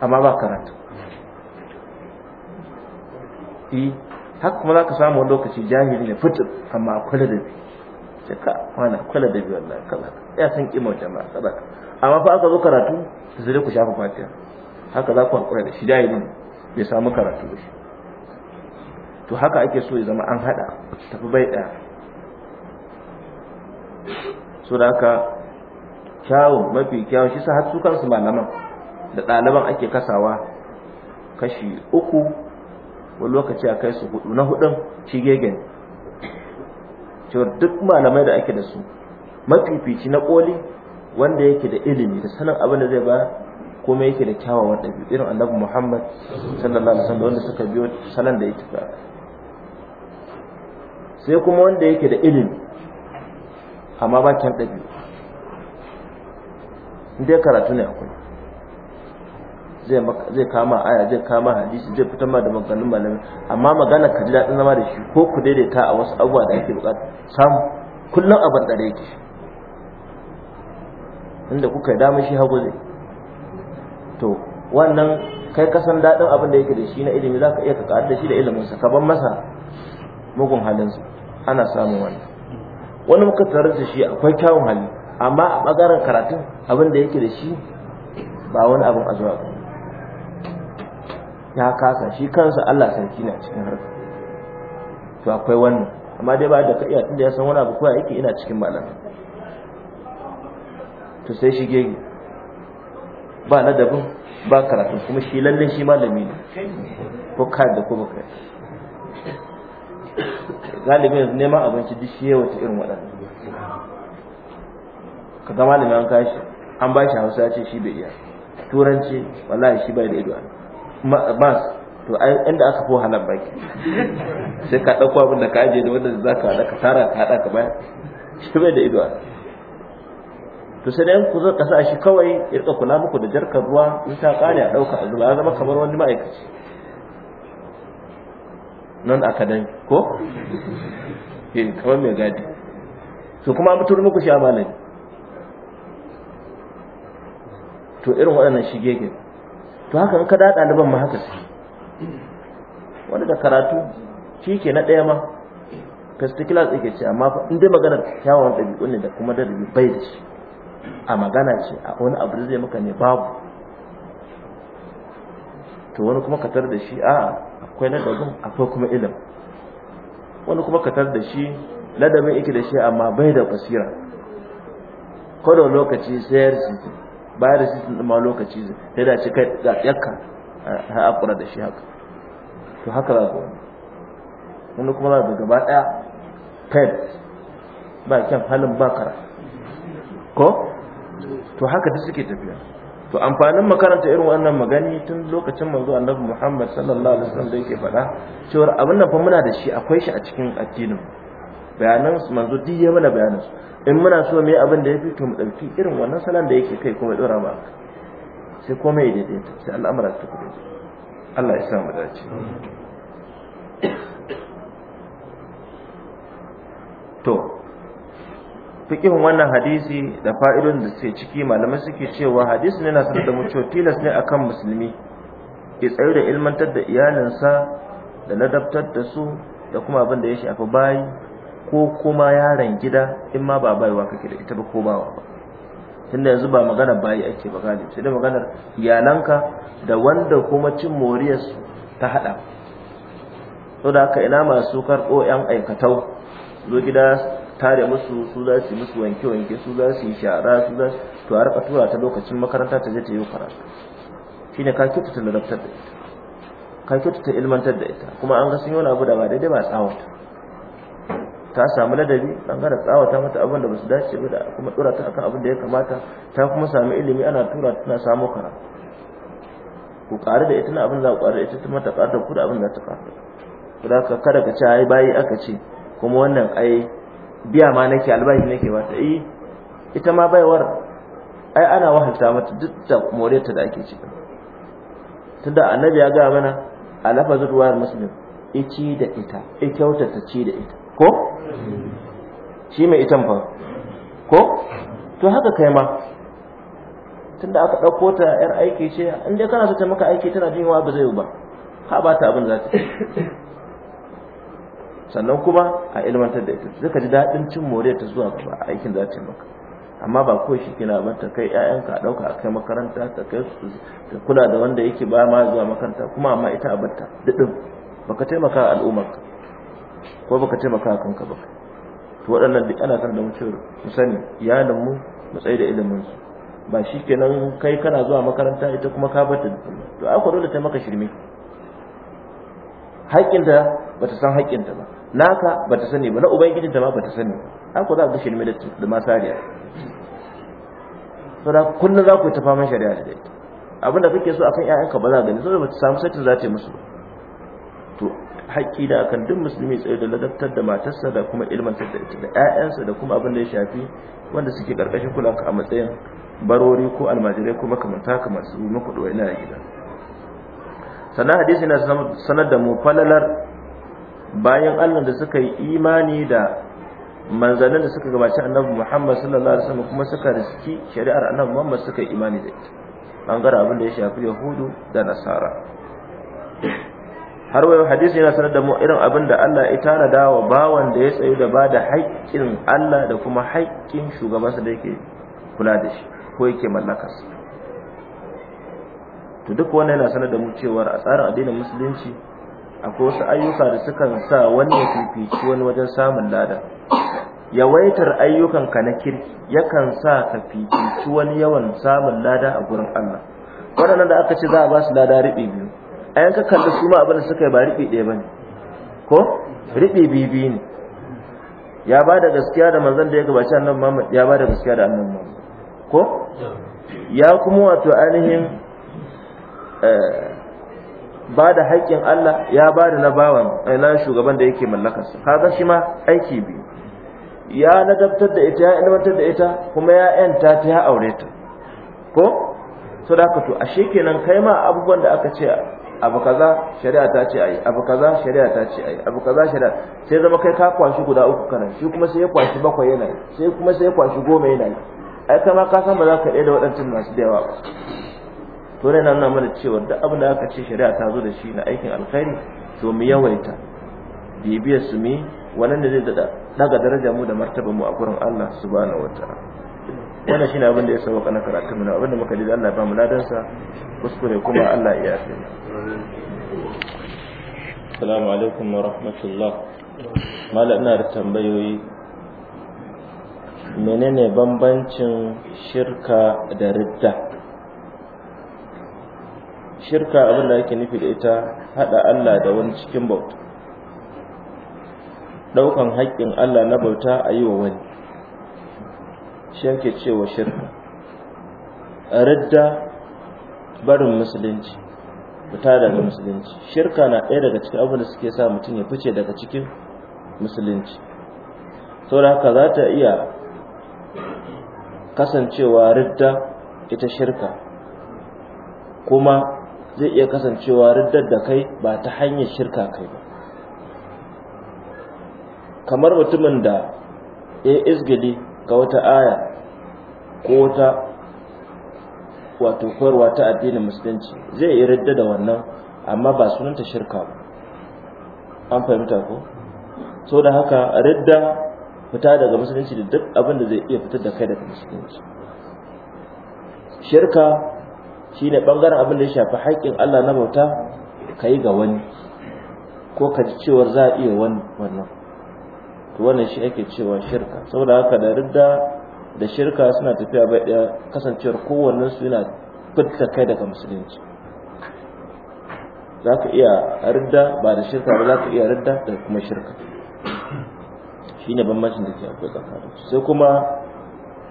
S1: amma ba karatu yi e, haka kuma za ka samu wani lokaci jahili ne fito amma akwai ladabi cika wani akwai ladabi wallahi kala ya san kimar jama'a sadaka. amma fa aka zo karatu zai ku shafa fatiya haka za ku haƙura da shi ne bai samu karatu da shi to haka ake so ya zama an haɗa tafi bai ɗaya. so da haka kyawun mafi kyawun shi sa har su kansu malaman da ɗaliban ake kasawa kashi uku wani lokaci a kai su hudu na hudun cigegen cewar duk malamai da ake da su mafifici na koli wanda yake da ilimi da sanin abin da zai ba kuma yake da kyawawan ɗabi'u irin annabi muhammad sallallahu alaihi wasallam wanda suka biyo salon da ya tafi sai kuma wanda yake da ilimi amma ba kyan ɗabi'u in dai karatu ne akwai zai kama aya zai kama hadisi zai fitar ma da maganganun malamai amma magana ka ji daɗin zama da shi ko ku daidaita a wasu abubuwa da ake bukata samu kullum a bandare yake inda kuka yi dama shi hagu zai to wannan kai kasan daɗin abin da yake da shi na ilimi za ka iya ka ƙaru da shi da iliminsa ka ban masa mugun halinsa ana samun wannan wani muka tarar da shi akwai kyawun hali amma a ɓangaren karatun abin da yake da shi ba wani abin a zuwa ya kasa shi kansa Allah sarki na cikin harka to akwai wannan amma dai ba da ka iya tunda ya san wani abu ko yake ina cikin malami to sai shi gege ba dabin ba karatu kuma shi lalle shi malami ne ko ka da ko baka galibin yanzu neman abinci duk shi yawa ta irin waɗanda ka ga malami an kashi an ba shi hausa ce shi bai iya turanci wallahi shi bai da ido mas to inda aka fi wahalar baki
S2: sai ka ɗauko abin da ka aje da wanda
S1: za ka ka tara ka haɗa ka bayar shi bai da ido to sai dai ku zo ka sa shi kawai ya rika kula muku da jarkar ruwa in ta kare a ɗauka a zuba zama kamar wani ma'aikaci Nan aka dan ko eh kamar mai gadi to kuma an fitar muku shi amana to irin waɗannan shige gine to haka ka da ɗaliban ma haka suke wani da karatu shi ke na ɗaya ma festicular yake ce amma in dai maganar kyawawan ɗabi'un ne da kuma da ɗabi bai da shi a magana ce a wani abu zai maka ne babu to wani kuma katar da shi a akwai dabin akwai kuma ilim wani kuma katar da shi ladabin yake da shi amma bai da basira kodon lokaci sayar su bayar da sitin ma lokaci sai da ce kai da yakka eh, ha akura da shi haka to haka za ku wani kuma za ku gaba ɗaya, kai ba kyan halin ba ko to haka da suke tafiya to amfanin makaranta irin wannan magani tun lokacin manzo annabi Muhammad sallallahu alaihi wasallam da yake faɗa cewa abin nan fa muna da shi akwai shi a cikin addinin bayanan su manzo duk ya mana bayanan su in muna so me abin da yafi to mu dauki irin wannan salan da yake kai kuma dora ba sai komai ya daidaita sai al'amura su kudu Allah ya sa mu dace to fikihun wannan hadisi da fa'idun da suke ciki malamai suke cewa hadisi ne na sanar da mutuwa tilas ne akan musulmi ke tsaye da ilmantar da iyalinsa da ladabtar da su da kuma abin da ya shafi bayi ko kuma yaron gida in ma ba baiwa kake da ita ba ko bawa ba tunda yanzu ba magana bayi ake ba galibi sai da maganar iyalanka da wanda kuma cin moriyarsu ta hada to da haka ina masu karɓo yan aikatau zo gida tare musu su za su musu wanke wanke su za su yi shara su za su to a rika tura ta lokacin makaranta ta je ta yi karatu shine ka kyautata ladabtar da ita ka kyautata ilmantar da ita kuma an ga sun yi wani abu da ba daidai ba tsawon ta samu ladabi bangaren tsawata mata abin da basu dace ba da kuma dora ta akan abin da ya kamata ta kuma samu ilimi ana tura tana samu kara ku kare da ita na abin za ku kare da ita ta mata ƙari da ku da abin da ta kare ku da kada ka ce ai bayi aka ce kuma wannan ai biya ma nake albashi nake ba ta yi eh, ita ma baiwar ai ana wahalta mata duk da moriyarta da ake ciki tunda annabi ya ga mana a lafazin ruwayar muslim ici da ita i kyautata ci da ita ko shi mai itan fa ko to haka kai ma tunda aka ɗauko ta yar aiki ce an dai kana so ta maka aiki tana jin yawa ba zai yi ba ka ba ta abin za ta sannan kuma a ilmantar da ita zaka ji daɗin cin moriyar ta zuwa ba aikin za ta maka amma ba ko shi kina ba ta kai ƴaƴanka a ɗauka a kai makaranta ta kai ta kula da wanda yake ba ma zuwa makaranta kuma amma ita a batta daɗin baka taimaka al'ummarka ko baka taimaka kanka ba to waɗannan duk ana san da mu mu sani iyalin mu mu tsaye da ilimin su ba shi kenan kai kana zuwa makaranta ita kuma ka bata to ai dole ta maka shirme haƙƙin haƙƙinta bata san haƙƙin ta ba naka bata sani ba na ubangijinta ma bata sani ai ko za ka shirme da da masariya to da kullun za ku ta fama shari'a da ita abinda kake so akan ƴaƴanka ba za ka gani saboda bata samu satin za ta yi musu ba to haƙƙi da akan duk musulmi tsaye da ladabtar da matarsa da kuma ilmantar da ita da ƴaƴansa da kuma abin da ya shafi wanda suke ƙarƙashin kulanka a matsayin barori ko almajirai ko makamanta kamar su muku da wani a gida sannan hadisi na sanar da mu falalar bayan Allah da suka yi imani da manzannin da suka gabaci annabi Muhammad sallallahu alaihi wasallam kuma suka riski shari'ar annabi Muhammad suka yi imani da ita bangare abin da ya shafi yahudu da nasara har wayo hadisi yana sanar da mu irin abin da Allah ya tara da wa bawan da ya tsayu da ba da haƙƙin Allah da kuma haƙƙin shugabansa da yake kula da shi ko yake mallakarsa to duk wannan yana sanar da mu cewa a tsarin addinin musulunci akwai wasu ayyuka da sukan sa wani ya fifici wani wajen samun lada yawaitar ayyukan ka na kirki yakan sa ka fifici wani yawan samun lada a gurin Allah waɗannan da aka ce za a ba su lada riɓi biyu a yanka kalli su ma abin da suka yi ba riɓi ɗaya ba ne ko riɓi bibi ne ya ba da gaskiya da manzan da ya gabaci nan Muhammad ya ba da gaskiya da annan Muhammad ko ya kuma wato ainihin eh, ba da haƙƙin Allah ya ba da na bawan eh, na shugaban da yake mallakarsa kaga shi ma aiki biyu ya nadabtar da ita ya ilmantar da ita kuma ya yanta ta ya aure ta ko so da to ashe kenan kai ma abubuwan da aka ce abu kaza shari'a ta ce ayi abu kaza shari'a ta ce ayi abu kaza shari'a sai zama kai ka kwashi guda uku kana shi kuma sai ya kwashi bakwai yana sai kuma sai ya kwashi goma yana ai kama ka san ba za ka da waɗancan masu da yawa ba to ne nan mana cewa duk abin da aka ce shari'a ta zo da shi na aikin alkhairi to mu yawaita bibiyar su mi wannan da zai daga daga daraja mu da martaba mu a gurin Allah subhanahu wataala wannan shine abin da ya sauka na karatu mu abin da muka ji Allah ba mu ladansa kuskure kuma Allah ya yafe mu Assalamu alaikum wa rahmatullah. Malam ina da tambayoyi. Menene bambancin shirka da ridda? Shirka abin da ake nufi da ita haɗa Allah da wani cikin bauta. Ɗaukan haƙƙin Allah na bauta a yi wa wani. Shi ake cewa shirka. Ridda barin musulunci fita daga musulunci shirka na ɗaya daga cikin abin da suke sa mutum ya fice daga cikin musulunci saboda haka za ta iya kasancewa ridda ita shirka kuma zai iya kasancewa riddar da kai ba ta hanyar shirka kai ba kamar mutumin da ya izgili ga wata aya ko wata wato koyarwa ta addinin musulunci zai yi radda da wannan amma ba sunanta shirka ba an fahimta ko so da haka radda fita daga musulunci da duk abin da zai iya fitar da kai daga musulunci shirka shine bangaren abin da ya shafi haƙƙin Allah na bauta kai ga wani ko ka ji cewar za a iya wani wannan to wannan shi ake cewa shirka saboda haka da radda da shirka suna tafiya bai daya kasancewar kowannen su yana fitta kai daga musulunci za ka iya ridda ba da shirka ba za ka iya ridda da kuma shirka shi ne bambancin da ke akwai tsakanin sai kuma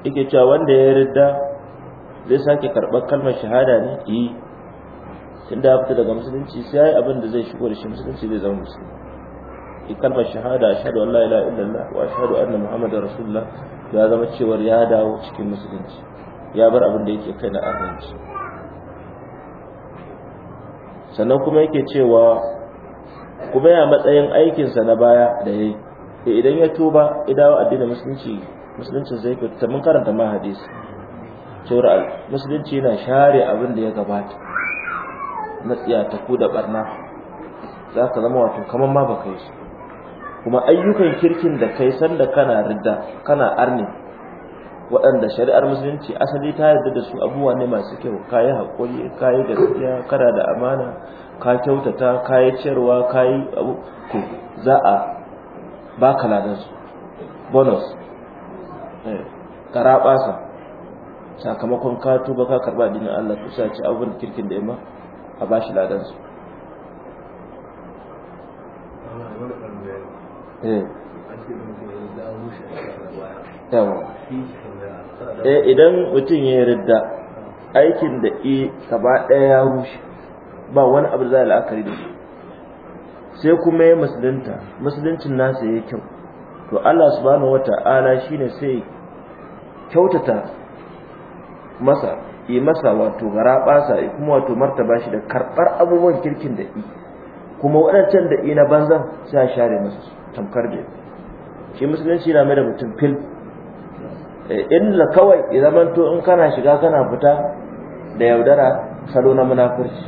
S1: yake cewa wanda ya ridda zai sake karɓar kalmar shahada ne yi eh. tun da fita daga musulunci sai ya yi abin da zai shigo da shi musulunci zai zama musulunci kalmar shahada ashhadu an la ilaha illallah wa ashhadu anna muhammadar rasulullah ya zama cewar ya dawo cikin musulunci ya bar abin da yake kai na arnanci sannan kuma yake cewa kuma ya matsayin aikinsa na baya da yayi idan ya tuba ya dawo addinin musulunci musulunci zai fita mun karanta ma hadisi cewar musulunci yana share abin da ya gabata na tsiya ta ku da barna za ka zama wato kamar ma baka yi su kuma ayyukan kirkin da kai sanda kana ridda kana arni waɗanda shari'ar musulunci asali ta yarda da su abubuwa ne masu kyau kayi haƙuri kayi gaskiya kana da amana ka kyautata kayi ciyarwa kayi abu za a baka ladan su bonus eh, karabasa sakamakon ka tuba ka karba dinin Allah ku sace ci abun kirkin da yamma a bashi ladan su
S2: eh
S1: idan mutum ya ridda aikin da e gaba ɗaya ya rushe ba wani abu za a la'akari da shi sai kuma ya musulunta musuluncin nasa ya kyau to Allah subhanahu wata'ala shine sai kyautata masa yi masa wato gara basa kuma wato martaba shi da karɓar abubuwan kirkin da e kuma waɗancan da e na banzan sai a share masa su tamkar ne shi musulunci na mai da mutum fil eh, in la kawai ya zamanto in kana shiga kana fita da yaudara salo na munafurci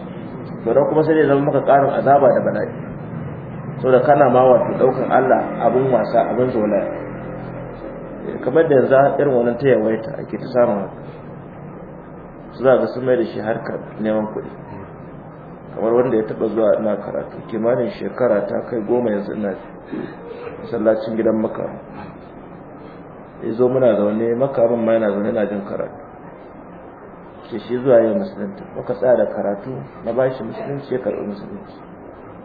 S1: to dan kuma sai da zama maka karin azaba da bala'i da kana ma wato daukan Allah abin wasa abin zola eh, kamar da yanzu irin wannan ta yawaita ake ta samun su za ga su mai da shi harkar neman kuɗi kamar wanda ya taba zuwa ina karatu kimanin shekara ta kai goma yanzu ina masallacin gidan maka ya zo muna zaune makamun ma yana zaune na jin karatu ke shi zuwa yin musulunta muka tsaya da karatu na bashi musulunci ya karɓi musulunci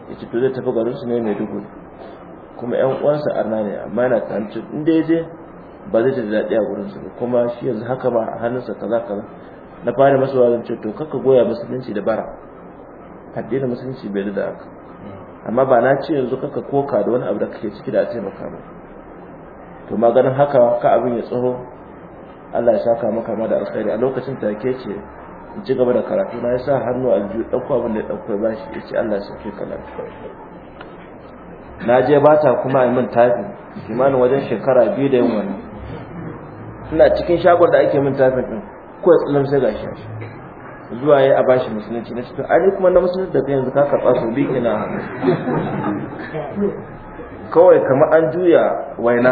S1: ya ce to zai tafi su ne mai dugu kuma yan uwansa arna ne amma yana tantu in da je ba zai ji daɗi a gurinsu su kuma shi yanzu haka ba a hannunsa kaza kaza na fara masu wajen ce to kaka goya musulunci da bara addinin musulunci bai da haka amma ba na ce yanzu kaka koka da wani abu da kake ciki da a taimaka ba to maganin haka ka abin ya tsoro Allah ya saka maka ma da alkhairi a lokacin ke ce in ci gaba da karatu na yasa hannu a aljihu ɗauko abin da ya ɗauko ba shi ya ce Allah ya sauke ka lafiya na je bata kuma a min tafin kimanin wajen shekara biyu da yin wani ina cikin shagon da ake min tafin ɗin ya tsilim sai gashi zuwa ya a bashi musulunci na cikin ai kuma na musulunci da yanzu ka karɓa su bi ina kawai kamar an juya waina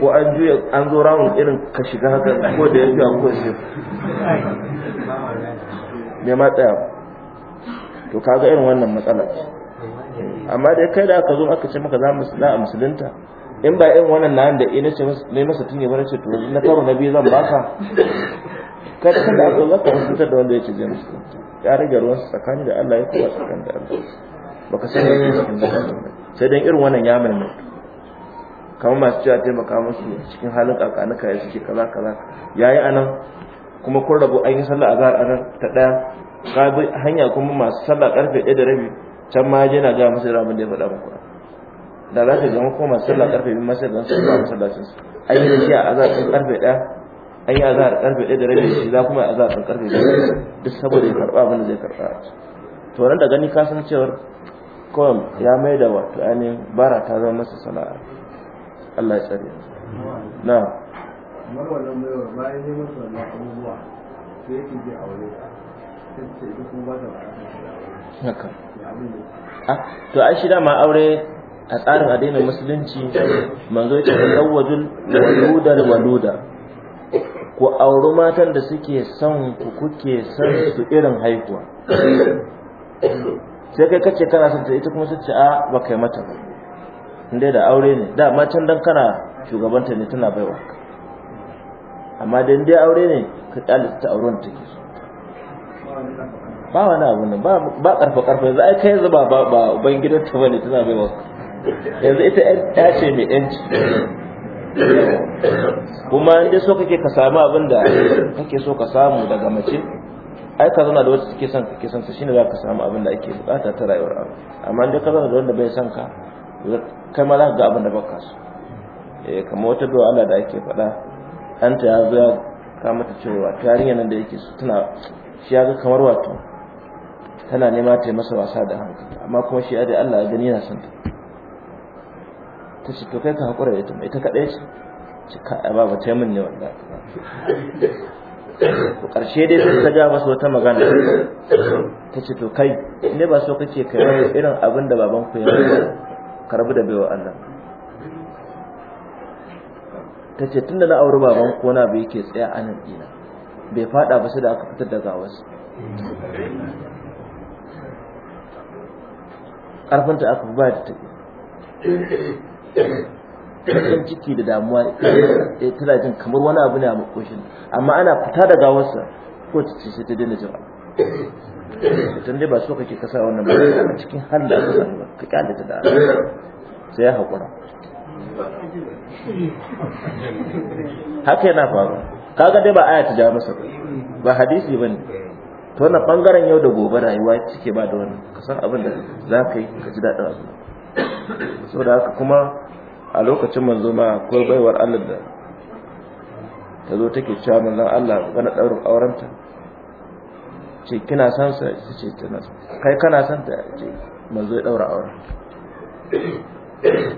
S1: ko an juya an zo ramun irin ka shiga haka ko da ya juya ko shi me ma tsaya to kaga irin wannan matsala amma ya kai da aka zo aka ce maka za mu za a musulunta in ba irin wannan na da ina ce ne masa tunye bane ce to na karo na biyu zan baka kai ka da aka zaka hukunta da wanda ya ce zai ya rage ruwan tsakani da Allah ya kowa tsakani da Allah baka san yake cikin mutane sai dan irin wannan ya mai kamar masu cewa taimaka musu cikin halin kakanuka ya suke kaza kaza yayi anan kuma kun rabu an yi sallah azhar anan ta daya ka bi hanya kuma masu sallah karfe 1 da rabi can ma yana ga musu da abin da ya faɗa muku da za ka ga kuma masu sallah karfe 2 masu da sallah masallacin su an yi da a azhar karfe 1 an yi azahar karfe ɗaya da rabi shi za kuma yi azahar karfe ɗaya duk saboda ya karɓa abin da zai karɓa to nan da gani kasan cewar kawai ya mai da wato ainihin bara ta zama masa sana'a Allah ya tsare na kamar wannan mai bayan ne masa wannan abubuwa sai yake bi
S2: aure sai duk kuma ba ta ba haka
S1: to ai shi ma aure a tsarin addinin musulunci manzo ya ce zawwajul wa waluda ku auri matan da suke son ku kuke son su irin haihuwa sai kai kace kana son ta ita kuma sace a ba kai mata ba inda da aure ne da matan dan kana shugabanta ne tana baiwa amma dan dai aure ne ka kyale ta auren ke so ba wani abu ne ba ba karfa karfa yanzu ai kai yanzu ba ba ubangidan ta bane tana baiwa
S2: yanzu ita ya ce
S1: mai yanci kuma in so kake ka samu abin da kake so ka samu daga mace ai ka zauna da wacce suke son kake son ta shine za ka samu abin da ake bukata ta rayuwar aure amma in ka zauna da wanda bai son ka kai ma za ka ga abin da baka so eh kamar wata do'a Allah da ake faɗa ɗanta ya zo ya ka mata cewa tarihi nan da yake tana shi ya ga kamar wato tana nema ta masa wasa da hankali amma kuma shi ya dai Allah ya gani yana son ta ta ce to kai ka haƙura da ita mai ta kaɗai ce ce ka ba ba ta min ne wanda
S2: ƙarshe dai sai ta ja masa wata magana
S1: ta ce to kai ne ba so kake kai wani irin abin da baban ku ya karbi da baiwa Allah ta ce tunda na auri baban ku na bai ke tsaya a nan ɗina, bai fada ba sai da aka fitar da gawarsu ƙarfinta aka ba da take
S2: kan
S1: ciki da damuwa ya eh, tana jin kamar wani abu ne a makoshin amma ana fita da gawarsa ko ta ce ta daina jira tun dai ba so kake kasa wannan ba a cikin halin da kasa ba ka kyale ta da sai ya haƙura haka yana faru kaga dai ba aya ta ja masa ba hadisi ba ne ta wannan ɓangaren yau da gobe rayuwa cike ba da wani kasan abin da za ka yi ka ji daɗin abu saboda haka kuma a lokacin manzo ma ko baiwar Allah da ta zo take cewa manzon Allah gana daurin aurenta ce kina san sa ce tana kai kana san ta ce manzo ya daura auren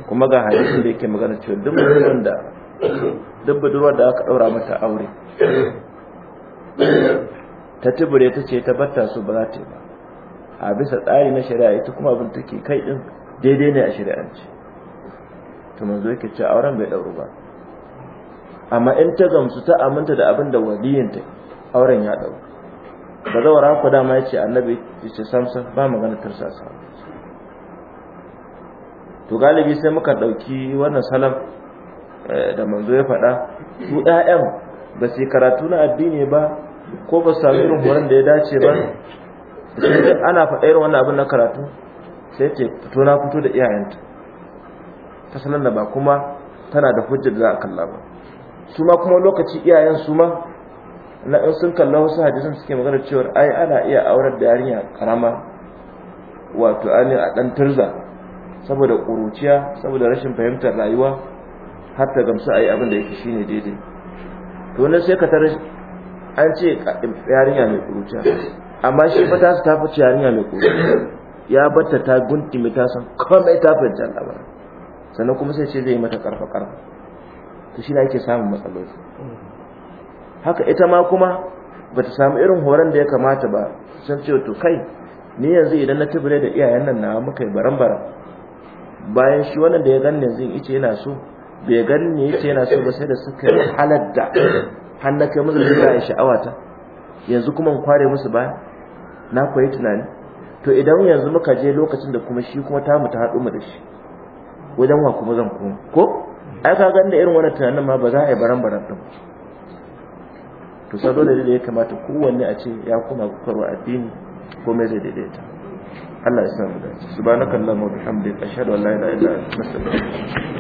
S1: kuma ga hadisin da yake magana cewa duk mutumin da duk budurwar da aka daura mata aure ta tubure ta ce ta batta su ba za ta yi ba a bisa tsari na shari'a ita kuma abin take kai din daidai ne a shari'ance to manzo yake ce auren bai dauru ba amma in ta gamsu ta aminta da abin da waliyinta auren ya dauru ba zawar haka dama ya ce annabi ya ce samson ba magana tarsasa to galibi sai muka ɗauki wannan salam eh, da manzo ya faɗa su ɗayan ba su karatu na addini ba ko ba su sami irin da ya dace ba ana faɗa irin wannan abin na karatu sai ce fito na fito da iyayenta ta sanar da ba kuma tana da hujjar da za a kalla ba su ma kuma lokaci iyayen su ma na in sun kalla wasu hadisan suke magana cewa ai ana iya aurar da yarinya karama wato ani a dan turza saboda kuruciya saboda rashin fahimtar rayuwa har ta gamsu ayi abin da yake shine daidai to ne sai ka tarar an ce yarinya mai kuruciya amma shi fa ta su tafi yarinya mai kuruciya ya batta ta gunti mai ta san komai ta fahimta labarin sannan kuma sai ce zai mata karfa karfa to shi ne ake samun matsaloli haka ita ma kuma bata samu irin horon da ya kamata ba san ce to kai ni yanzu idan na tubure da iyayen nan na muka yi barambara bayan shi wannan da ya ganni yanzu yace yana so bai ganni yace yana so ba sai da suka yi har na musu da sha'awa ta yanzu kuma mu kware musu ba na koyi tunani to idan yanzu muka je lokacin da kuma shi kuma mu ta haɗu mu da shi wajen wa kuma zan kuma ko ai ka ga inda irin wannan tunanin ma ba za a yi baran baran din to sabo da ya kamata kowanne a ce ya kuma kukarwa addini ko me zai daidaita Allah ya sa mu dace subhanakallahumma wa bihamdika ashhadu an la ilaha illa anta astaghfiruka